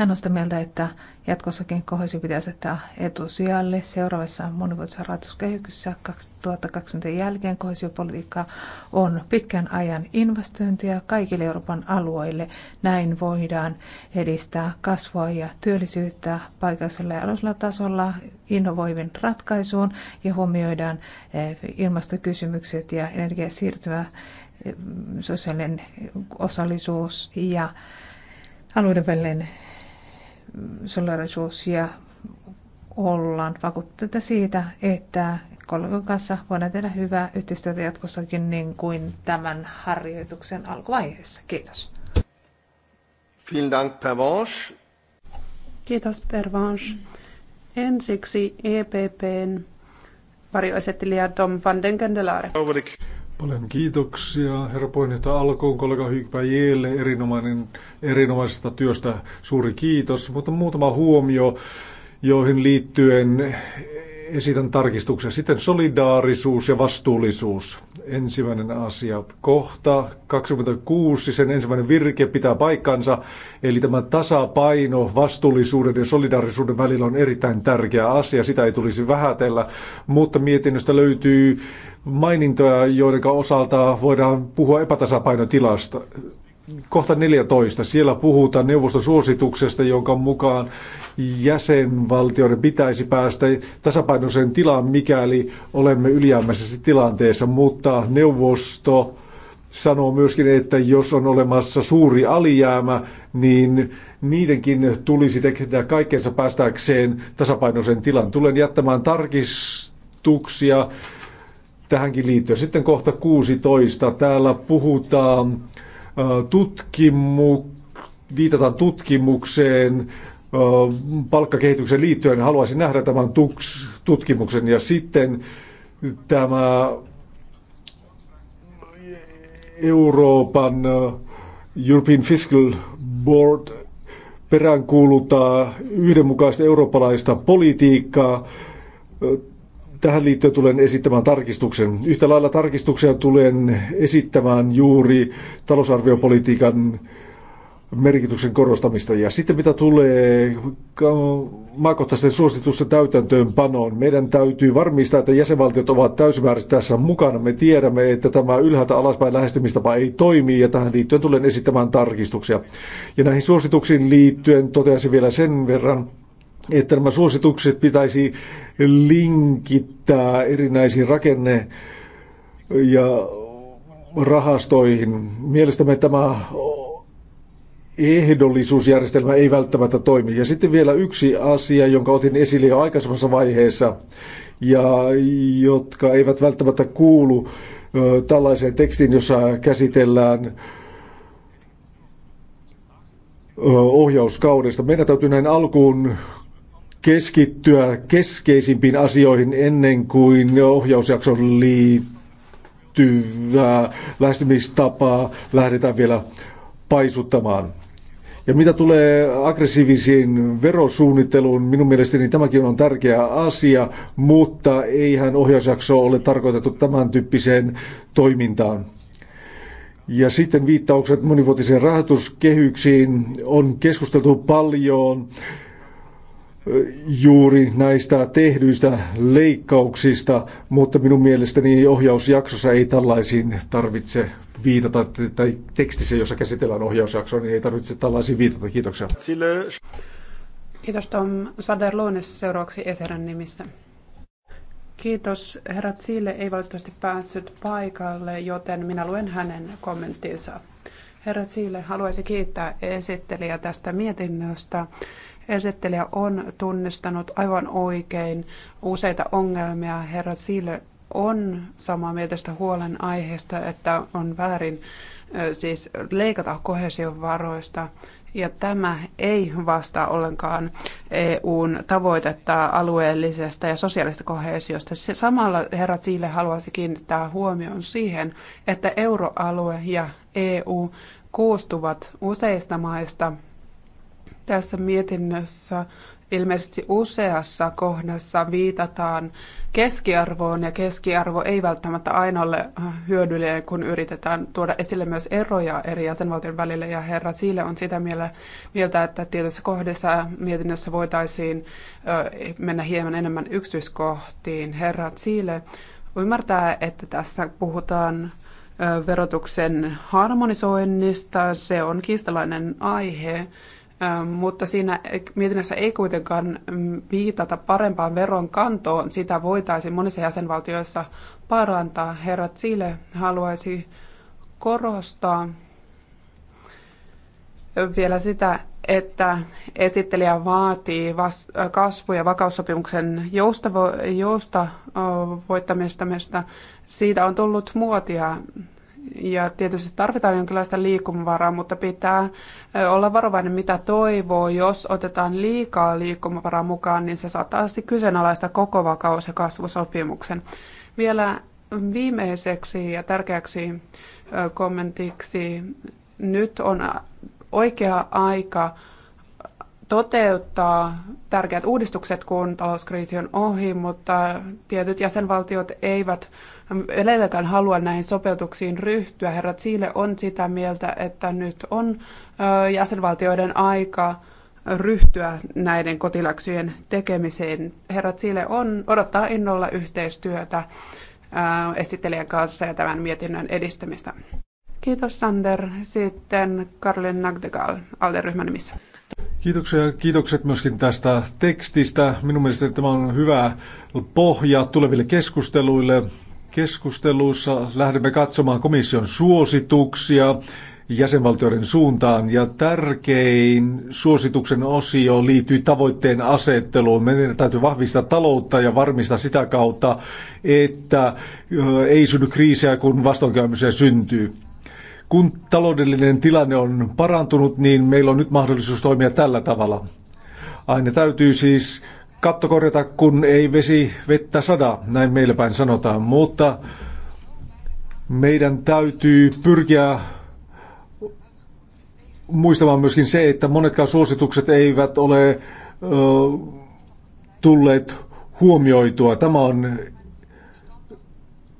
hän on sitä mieltä, että jatkossakin kohesi pitää asettaa etusijalle seuraavassa monivuotisessa rahoituskehyksessä 2020 jälkeen. Kohesiopolitiikka on pitkän ajan investointia kaikille Euroopan alueille. Näin voidaan edistää kasvua ja työllisyyttä paikallisella ja alueellisella tasolla innovoivin ratkaisuun ja huomioidaan eh, ilmastokysymykset ja energiasiirtymä, eh, sosiaalinen osallisuus ja alueiden välinen solidarisuusia ollaan vakuuttuneita siitä, että kollegan kanssa voidaan tehdä hyvää yhteistyötä jatkossakin niin kuin tämän harjoituksen alkuvaiheessa. Kiitos. Dank, Pervanche. Kiitos, Pervanche. Ensiksi EPPn varjoesettelijä Tom van den Candelare. Paljon kiitoksia, herra puheenjohtaja Alkoon, kollega Hyykpä Jelle, erinomainen, erinomaisesta työstä suuri kiitos. Mutta muutama huomio, joihin liittyen esitän tarkistuksen. Sitten solidaarisuus ja vastuullisuus. Ensimmäinen asia. Kohta 26, sen ensimmäinen virke pitää paikkansa. Eli tämä tasapaino vastuullisuuden ja solidaarisuuden välillä on erittäin tärkeä asia. Sitä ei tulisi vähätellä, mutta mietinnöstä löytyy mainintoja, joiden osalta voidaan puhua epätasapainotilasta kohta 14. Siellä puhutaan neuvoston suosituksesta, jonka mukaan jäsenvaltioiden pitäisi päästä tasapainoiseen tilaan, mikäli olemme ylijäämäisessä tilanteessa, mutta neuvosto sanoo myöskin, että jos on olemassa suuri alijäämä, niin niidenkin tulisi tehdä kaikkeensa päästäkseen tasapainoisen tilan. Tulen jättämään tarkistuksia tähänkin liittyen. Sitten kohta 16. Täällä puhutaan tutkimu, viitataan tutkimukseen palkkakehityksen liittyen. Haluaisin nähdä tämän tutkimuksen ja sitten tämä Euroopan European Fiscal Board peräänkuuluttaa yhdenmukaista eurooppalaista politiikkaa Tähän liittyen tulen esittämään tarkistuksen. Yhtä lailla tarkistuksia tulen esittämään juuri talousarviopolitiikan merkityksen korostamista. Ja sitten mitä tulee maakohtaisen suositusten täytäntöönpanoon, meidän täytyy varmistaa, että jäsenvaltiot ovat täysimääräisesti tässä mukana. Me tiedämme, että tämä ylhäältä alaspäin lähestymistapa ei toimi ja tähän liittyen tulen esittämään tarkistuksia. Ja näihin suosituksiin liittyen toteaisin vielä sen verran, että nämä suositukset pitäisi linkittää erinäisiin rakenne- ja rahastoihin. Mielestämme tämä ehdollisuusjärjestelmä ei välttämättä toimi. Ja sitten vielä yksi asia, jonka otin esille jo aikaisemmassa vaiheessa, ja jotka eivät välttämättä kuulu tällaiseen tekstiin, jossa käsitellään ohjauskaudesta. Meidän täytyy näin alkuun keskittyä keskeisimpiin asioihin ennen kuin ohjausjakson liittyvää lähestymistapaa lähdetään vielä paisuttamaan. Ja mitä tulee aggressiivisiin verosuunnitteluun, minun mielestäni tämäkin on tärkeä asia, mutta eihän ohjausjakso ole tarkoitettu tämän tyyppiseen toimintaan. Ja sitten viittaukset monivuotisiin rahoituskehyksiin on keskusteltu paljon juuri näistä tehdyistä leikkauksista, mutta minun mielestäni ohjausjaksossa ei tällaisiin tarvitse viitata, tai tekstissä, jossa käsitellään ohjausjaksoa, niin ei tarvitse tällaisiin viitata. Kiitoksia. Kiitos Tom Saderluones seuraavaksi Eserän nimissä. Kiitos. Herra Sille ei valitettavasti päässyt paikalle, joten minä luen hänen kommenttinsa. Herra Sille haluaisi kiittää esittelijä tästä mietinnöstä Esittelijä on tunnistanut aivan oikein useita ongelmia. Herra Sille on samaa mieltä huolen aiheesta, että on väärin siis leikata kohesion varoista. Ja tämä ei vastaa ollenkaan EUn tavoitetta alueellisesta ja sosiaalista kohesiosta. samalla herra Siile haluaisi kiinnittää huomioon siihen, että euroalue ja EU koostuvat useista maista, tässä mietinnössä ilmeisesti useassa kohdassa viitataan keskiarvoon ja keskiarvo ei välttämättä aina ole äh, hyödyllinen, kun yritetään tuoda esille myös eroja eri jäsenvaltion välillä ja herra Siile on sitä mieltä, että tietyissä kohdissa mietinnössä voitaisiin äh, mennä hieman enemmän yksityiskohtiin. Herra Siile ymmärtää, että tässä puhutaan äh, verotuksen harmonisoinnista. Se on kiistalainen aihe mutta siinä mietinnössä ei kuitenkaan mm, viitata parempaan veron kantoon. Sitä voitaisiin monissa jäsenvaltioissa parantaa. Herra Sile haluaisi korostaa vielä sitä, että esittelijä vaatii kasvu- ja vakaussopimuksen joustavoittamista. Siitä on tullut muotia ja tietysti tarvitaan jonkinlaista liikkumavaraa, mutta pitää olla varovainen, mitä toivoo. Jos otetaan liikaa liikkumavaraa mukaan, niin se saattaa sitten kyseenalaista koko vakaus- ja kasvusopimuksen. Vielä viimeiseksi ja tärkeäksi kommentiksi nyt on oikea aika toteuttaa tärkeät uudistukset, kun talouskriisi on ohi, mutta tietyt jäsenvaltiot eivät edelläkään halua näihin sopeutuksiin ryhtyä. Herra Siile on sitä mieltä, että nyt on jäsenvaltioiden aika ryhtyä näiden kotiläksyjen tekemiseen. Herra Siile on, odottaa innolla yhteistyötä esittelijän kanssa ja tämän mietinnön edistämistä. Kiitos Sander. Sitten Karlen Nagdegal, alle ryhmän nimissä. Kiitoksia. Kiitokset myöskin tästä tekstistä. Minun mielestäni tämä on hyvä pohja tuleville keskusteluille keskusteluissa lähdemme katsomaan komission suosituksia jäsenvaltioiden suuntaan ja tärkein suosituksen osio liittyy tavoitteen asetteluun. Meidän täytyy vahvistaa taloutta ja varmistaa sitä kautta, että ei synny kriisiä, kun vastoinkäymisiä syntyy. Kun taloudellinen tilanne on parantunut, niin meillä on nyt mahdollisuus toimia tällä tavalla. Aina täytyy siis katto korjata, kun ei vesi vettä sada, näin meillä päin sanotaan. Mutta meidän täytyy pyrkiä muistamaan myöskin se, että monetkaan suositukset eivät ole ö, tulleet huomioitua. Tämä on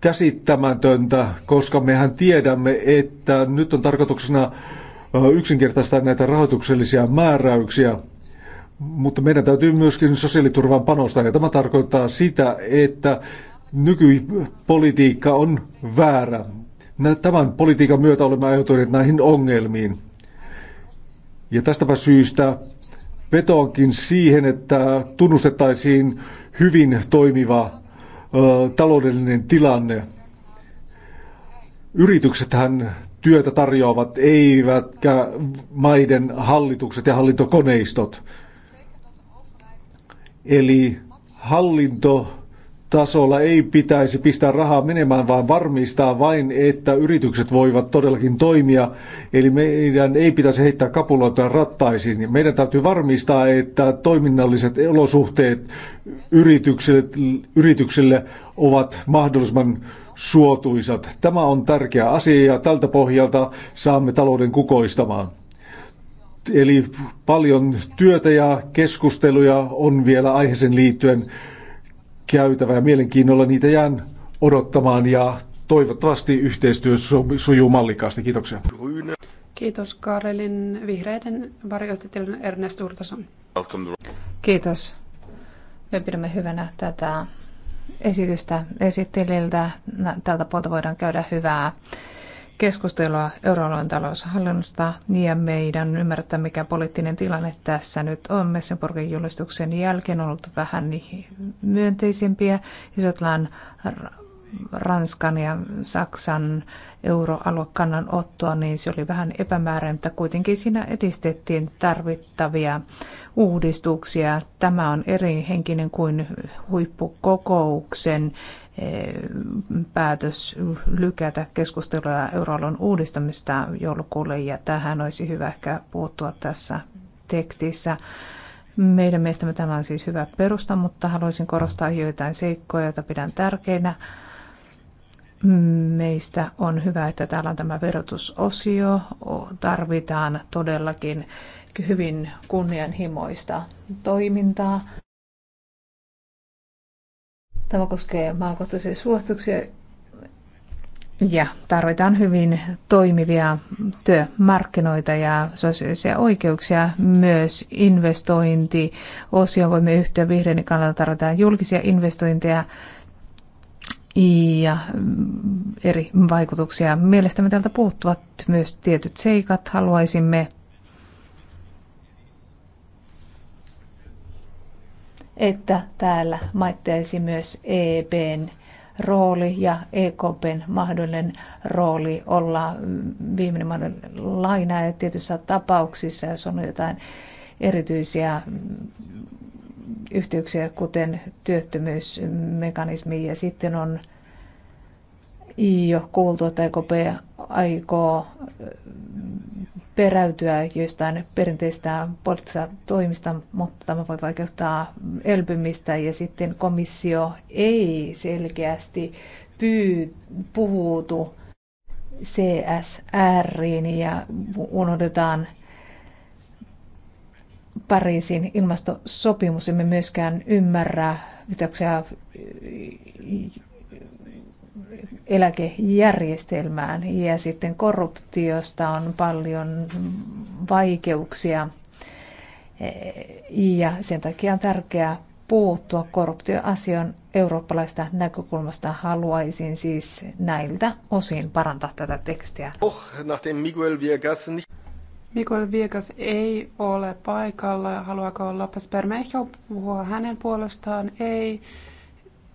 käsittämätöntä, koska mehän tiedämme, että nyt on tarkoituksena yksinkertaistaa näitä rahoituksellisia määräyksiä. Mutta meidän täytyy myöskin sosiaaliturvaan panostaa, ja tämä tarkoittaa sitä, että nykypolitiikka on väärä. Tämän politiikan myötä olemme ajautuneet näihin ongelmiin. Ja tästäpä syystä vetoankin siihen, että tunnustettaisiin hyvin toimiva ö, taloudellinen tilanne. Yrityksethän työtä tarjoavat, eivätkä maiden hallitukset ja hallintokoneistot. Eli hallinto tasolla ei pitäisi pistää rahaa menemään, vaan varmistaa vain, että yritykset voivat todellakin toimia. Eli meidän ei pitäisi heittää kapuloita rattaisiin. Niin meidän täytyy varmistaa, että toiminnalliset olosuhteet yrityksille, yrityksille ovat mahdollisimman suotuisat. Tämä on tärkeä asia ja tältä pohjalta saamme talouden kukoistamaan. Eli paljon työtä ja keskusteluja on vielä aiheeseen liittyen käytävä ja mielenkiinnolla niitä jään odottamaan ja toivottavasti yhteistyö sujuu mallikkaasti. Kiitoksia. Kiitos Karelin vihreiden varjoistettelun Ernest Urtason. Kiitos. Me pidämme hyvänä tätä esitystä esittelijältä. Tältä puolta voidaan käydä hyvää keskustelua euroalueen taloushallinnosta ja meidän ymmärtää, mikä poliittinen tilanne tässä nyt on. Messenburgin julistuksen jälkeen on ollut vähän myönteisempiä. Isotlaan Ranskan ja Saksan euroaluekannan ottoa, niin se oli vähän epämääräinen, mutta kuitenkin siinä edistettiin tarvittavia uudistuksia. Tämä on eri henkinen kuin huippukokouksen Eh, päätös lykätä keskustelua euroalueen uudistamista joulukuulle ja tähän olisi hyvä ehkä puuttua tässä tekstissä. Meidän mielestämme tämä on siis hyvä perusta, mutta haluaisin korostaa joitain seikkoja, joita pidän tärkeinä. Meistä on hyvä, että täällä on tämä verotusosio. Tarvitaan todellakin hyvin kunnianhimoista toimintaa. Tämä koskee maakohtaisia suosituksia ja tarvitaan hyvin toimivia työmarkkinoita ja sosiaalisia oikeuksia. Myös investointi. Osio voimme yhtyä vihreiden kannalta tarvitaan julkisia investointeja ja mm, eri vaikutuksia. Mielestämme täältä puuttuvat myös tietyt seikat. Haluaisimme että täällä mainittaisi myös EBn rooli ja EKPn mahdollinen rooli olla mm, viimeinen mahdollinen laina ja tietyissä tapauksissa, jos on jotain erityisiä mm, yhteyksiä, kuten työttömyysmekanismi ja sitten on jo kuultu, että EKP aikoo peräytyä joistain perinteistä poliittisista toimista, mutta tämä voi vaikeuttaa elpymistä ja sitten komissio ei selkeästi pyy, puhutu CSRiin ja unohdetaan Pariisin ilmastosopimus. Emme myöskään ymmärrä, mitä eläkejärjestelmään ja sitten korruptiosta on paljon vaikeuksia ja sen takia on tärkeää puuttua korruptioasioon eurooppalaista näkökulmasta. Haluaisin siis näiltä osin parantaa tätä tekstiä. Oh, nachdem Miguel Viegas Miguel Viegas ei ole paikalla. Haluaako olla Bermejo puhua hänen puolestaan? Ei.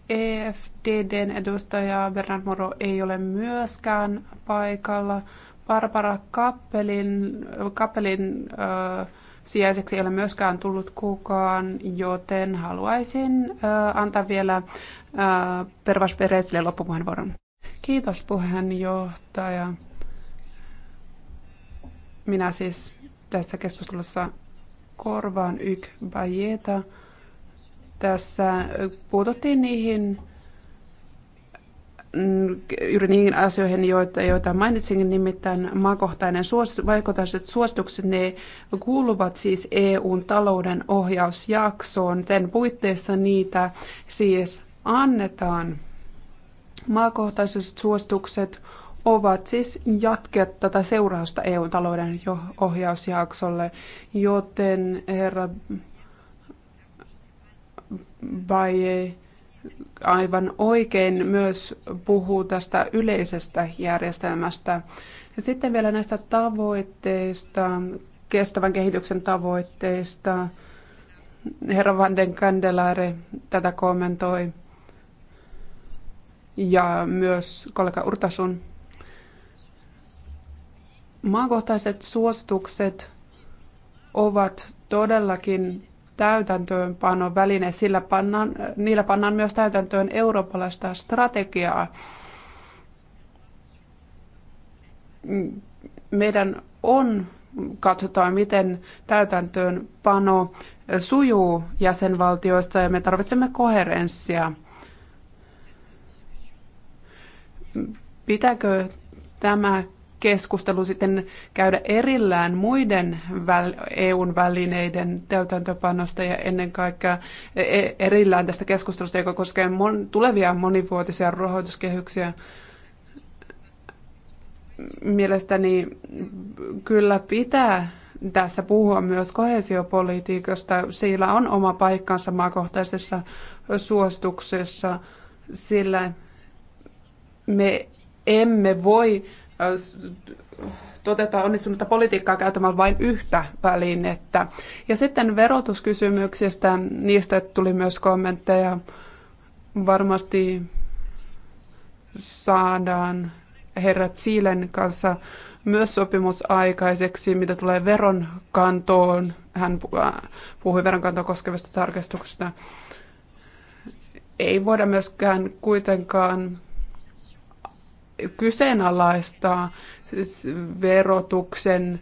EFDDn edustaja Bernard Moro ei ole myöskään paikalla. Barbara Kappelin, Kappelin äh, sijaiseksi ei ole myöskään tullut kukaan, joten haluaisin äh, antaa vielä äh, Pervas Peresille loppupuheenvuoron. Kiitos puheenjohtaja. Minä siis tässä keskustelussa korvaan Yk Bajeta. Tässä puututtiin niihin mm, juuri niihin asioihin, joita, joita mainitsin, nimittäin maakohtainen vaikutukset suositukset, ne kuuluvat siis EUn talouden ohjausjaksoon. Sen puitteissa niitä siis annetaan. Maakohtaiset suositukset ovat siis jatket tätä seurausta EUn talouden ohjausjaksolle, joten herra Baye aivan oikein myös puhuu tästä yleisestä järjestelmästä. Ja sitten vielä näistä tavoitteista, kestävän kehityksen tavoitteista. Herra Van den Kandelare tätä kommentoi. Ja myös kollega Urtasun. Maakohtaiset suositukset ovat todellakin täytäntöönpanon väline, sillä pannaan, niillä pannaan myös täytäntöön eurooppalaista strategiaa. Meidän on katsotaan, miten täytäntöönpano sujuu jäsenvaltioissa ja me tarvitsemme koherenssia. Pitääkö tämä keskustelu sitten käydä erillään muiden EUn välineiden täytäntöpanosta ja ennen kaikkea e-, erillään tästä keskustelusta, joka koskee tulevia monivuotisia rahoituskehyksiä. Mielestäni kyllä pitää tässä puhua myös kohesiopolitiikasta. Sillä on oma paikkansa maakohtaisessa suosituksessa, sillä me emme voi toteuttaa onnistunutta politiikkaa käyttämällä vain yhtä välinettä. Ja sitten verotuskysymyksistä, niistä tuli myös kommentteja. Varmasti saadaan herrat Siilen kanssa myös sopimus aikaiseksi, mitä tulee veronkantoon. Hän äh, puhui veronkantoa koskevista tarkistuksista. Ei voida myöskään kuitenkaan kyseenalaistaa siis verotuksen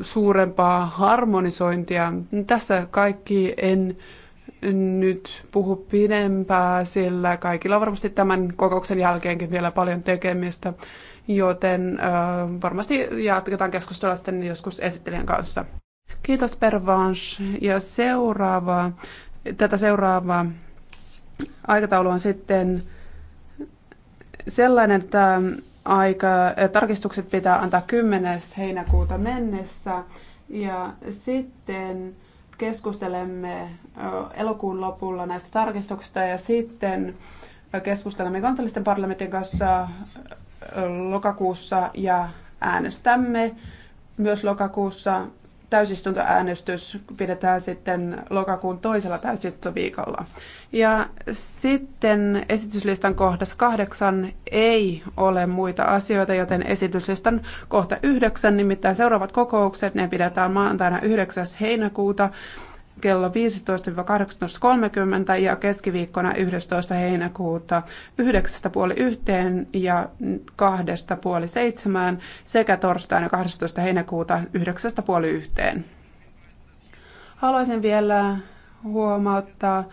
suurempaa harmonisointia. Tässä kaikki en nyt puhu pidempää, sillä kaikilla on varmasti tämän kokouksen jälkeenkin vielä paljon tekemistä, joten äh, varmasti jatketaan keskustelua sitten joskus esittelijän kanssa. Kiitos Pervans. Ja seuraava, tätä seuraavaa aikataulu on sitten sellainen, että ähm, aika, äh, tarkistukset pitää antaa 10. heinäkuuta mennessä ja sitten keskustelemme äh, elokuun lopulla näistä tarkistuksista ja sitten äh, keskustelemme kansallisten parlamentin kanssa lokakuussa ja äänestämme myös lokakuussa täysistuntoäänestys pidetään sitten lokakuun toisella täysistuntoviikolla. Ja sitten esityslistan kohdassa kahdeksan ei ole muita asioita, joten esityslistan kohta yhdeksän, nimittäin seuraavat kokoukset, ne pidetään maanantaina 9. heinäkuuta kello 15-18.30 ja keskiviikkona 11. heinäkuuta 9.30 ja 2.30 sekä torstaina 12. heinäkuuta 9.30. Haluaisin vielä huomauttaa,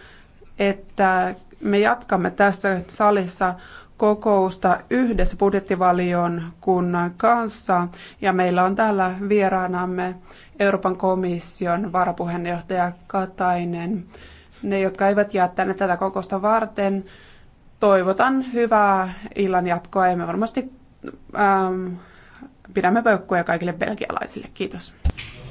että me jatkamme tässä salissa kokousta yhdessä budjettivaliokunnan kanssa ja meillä on täällä vieraanamme Euroopan komission varapuheenjohtaja Katainen. Ne, jotka eivät jää tänne tätä kokousta varten, toivotan hyvää illan jatkoa ja me varmasti ähm, pidämme pöykkuja kaikille belgialaisille. Kiitos.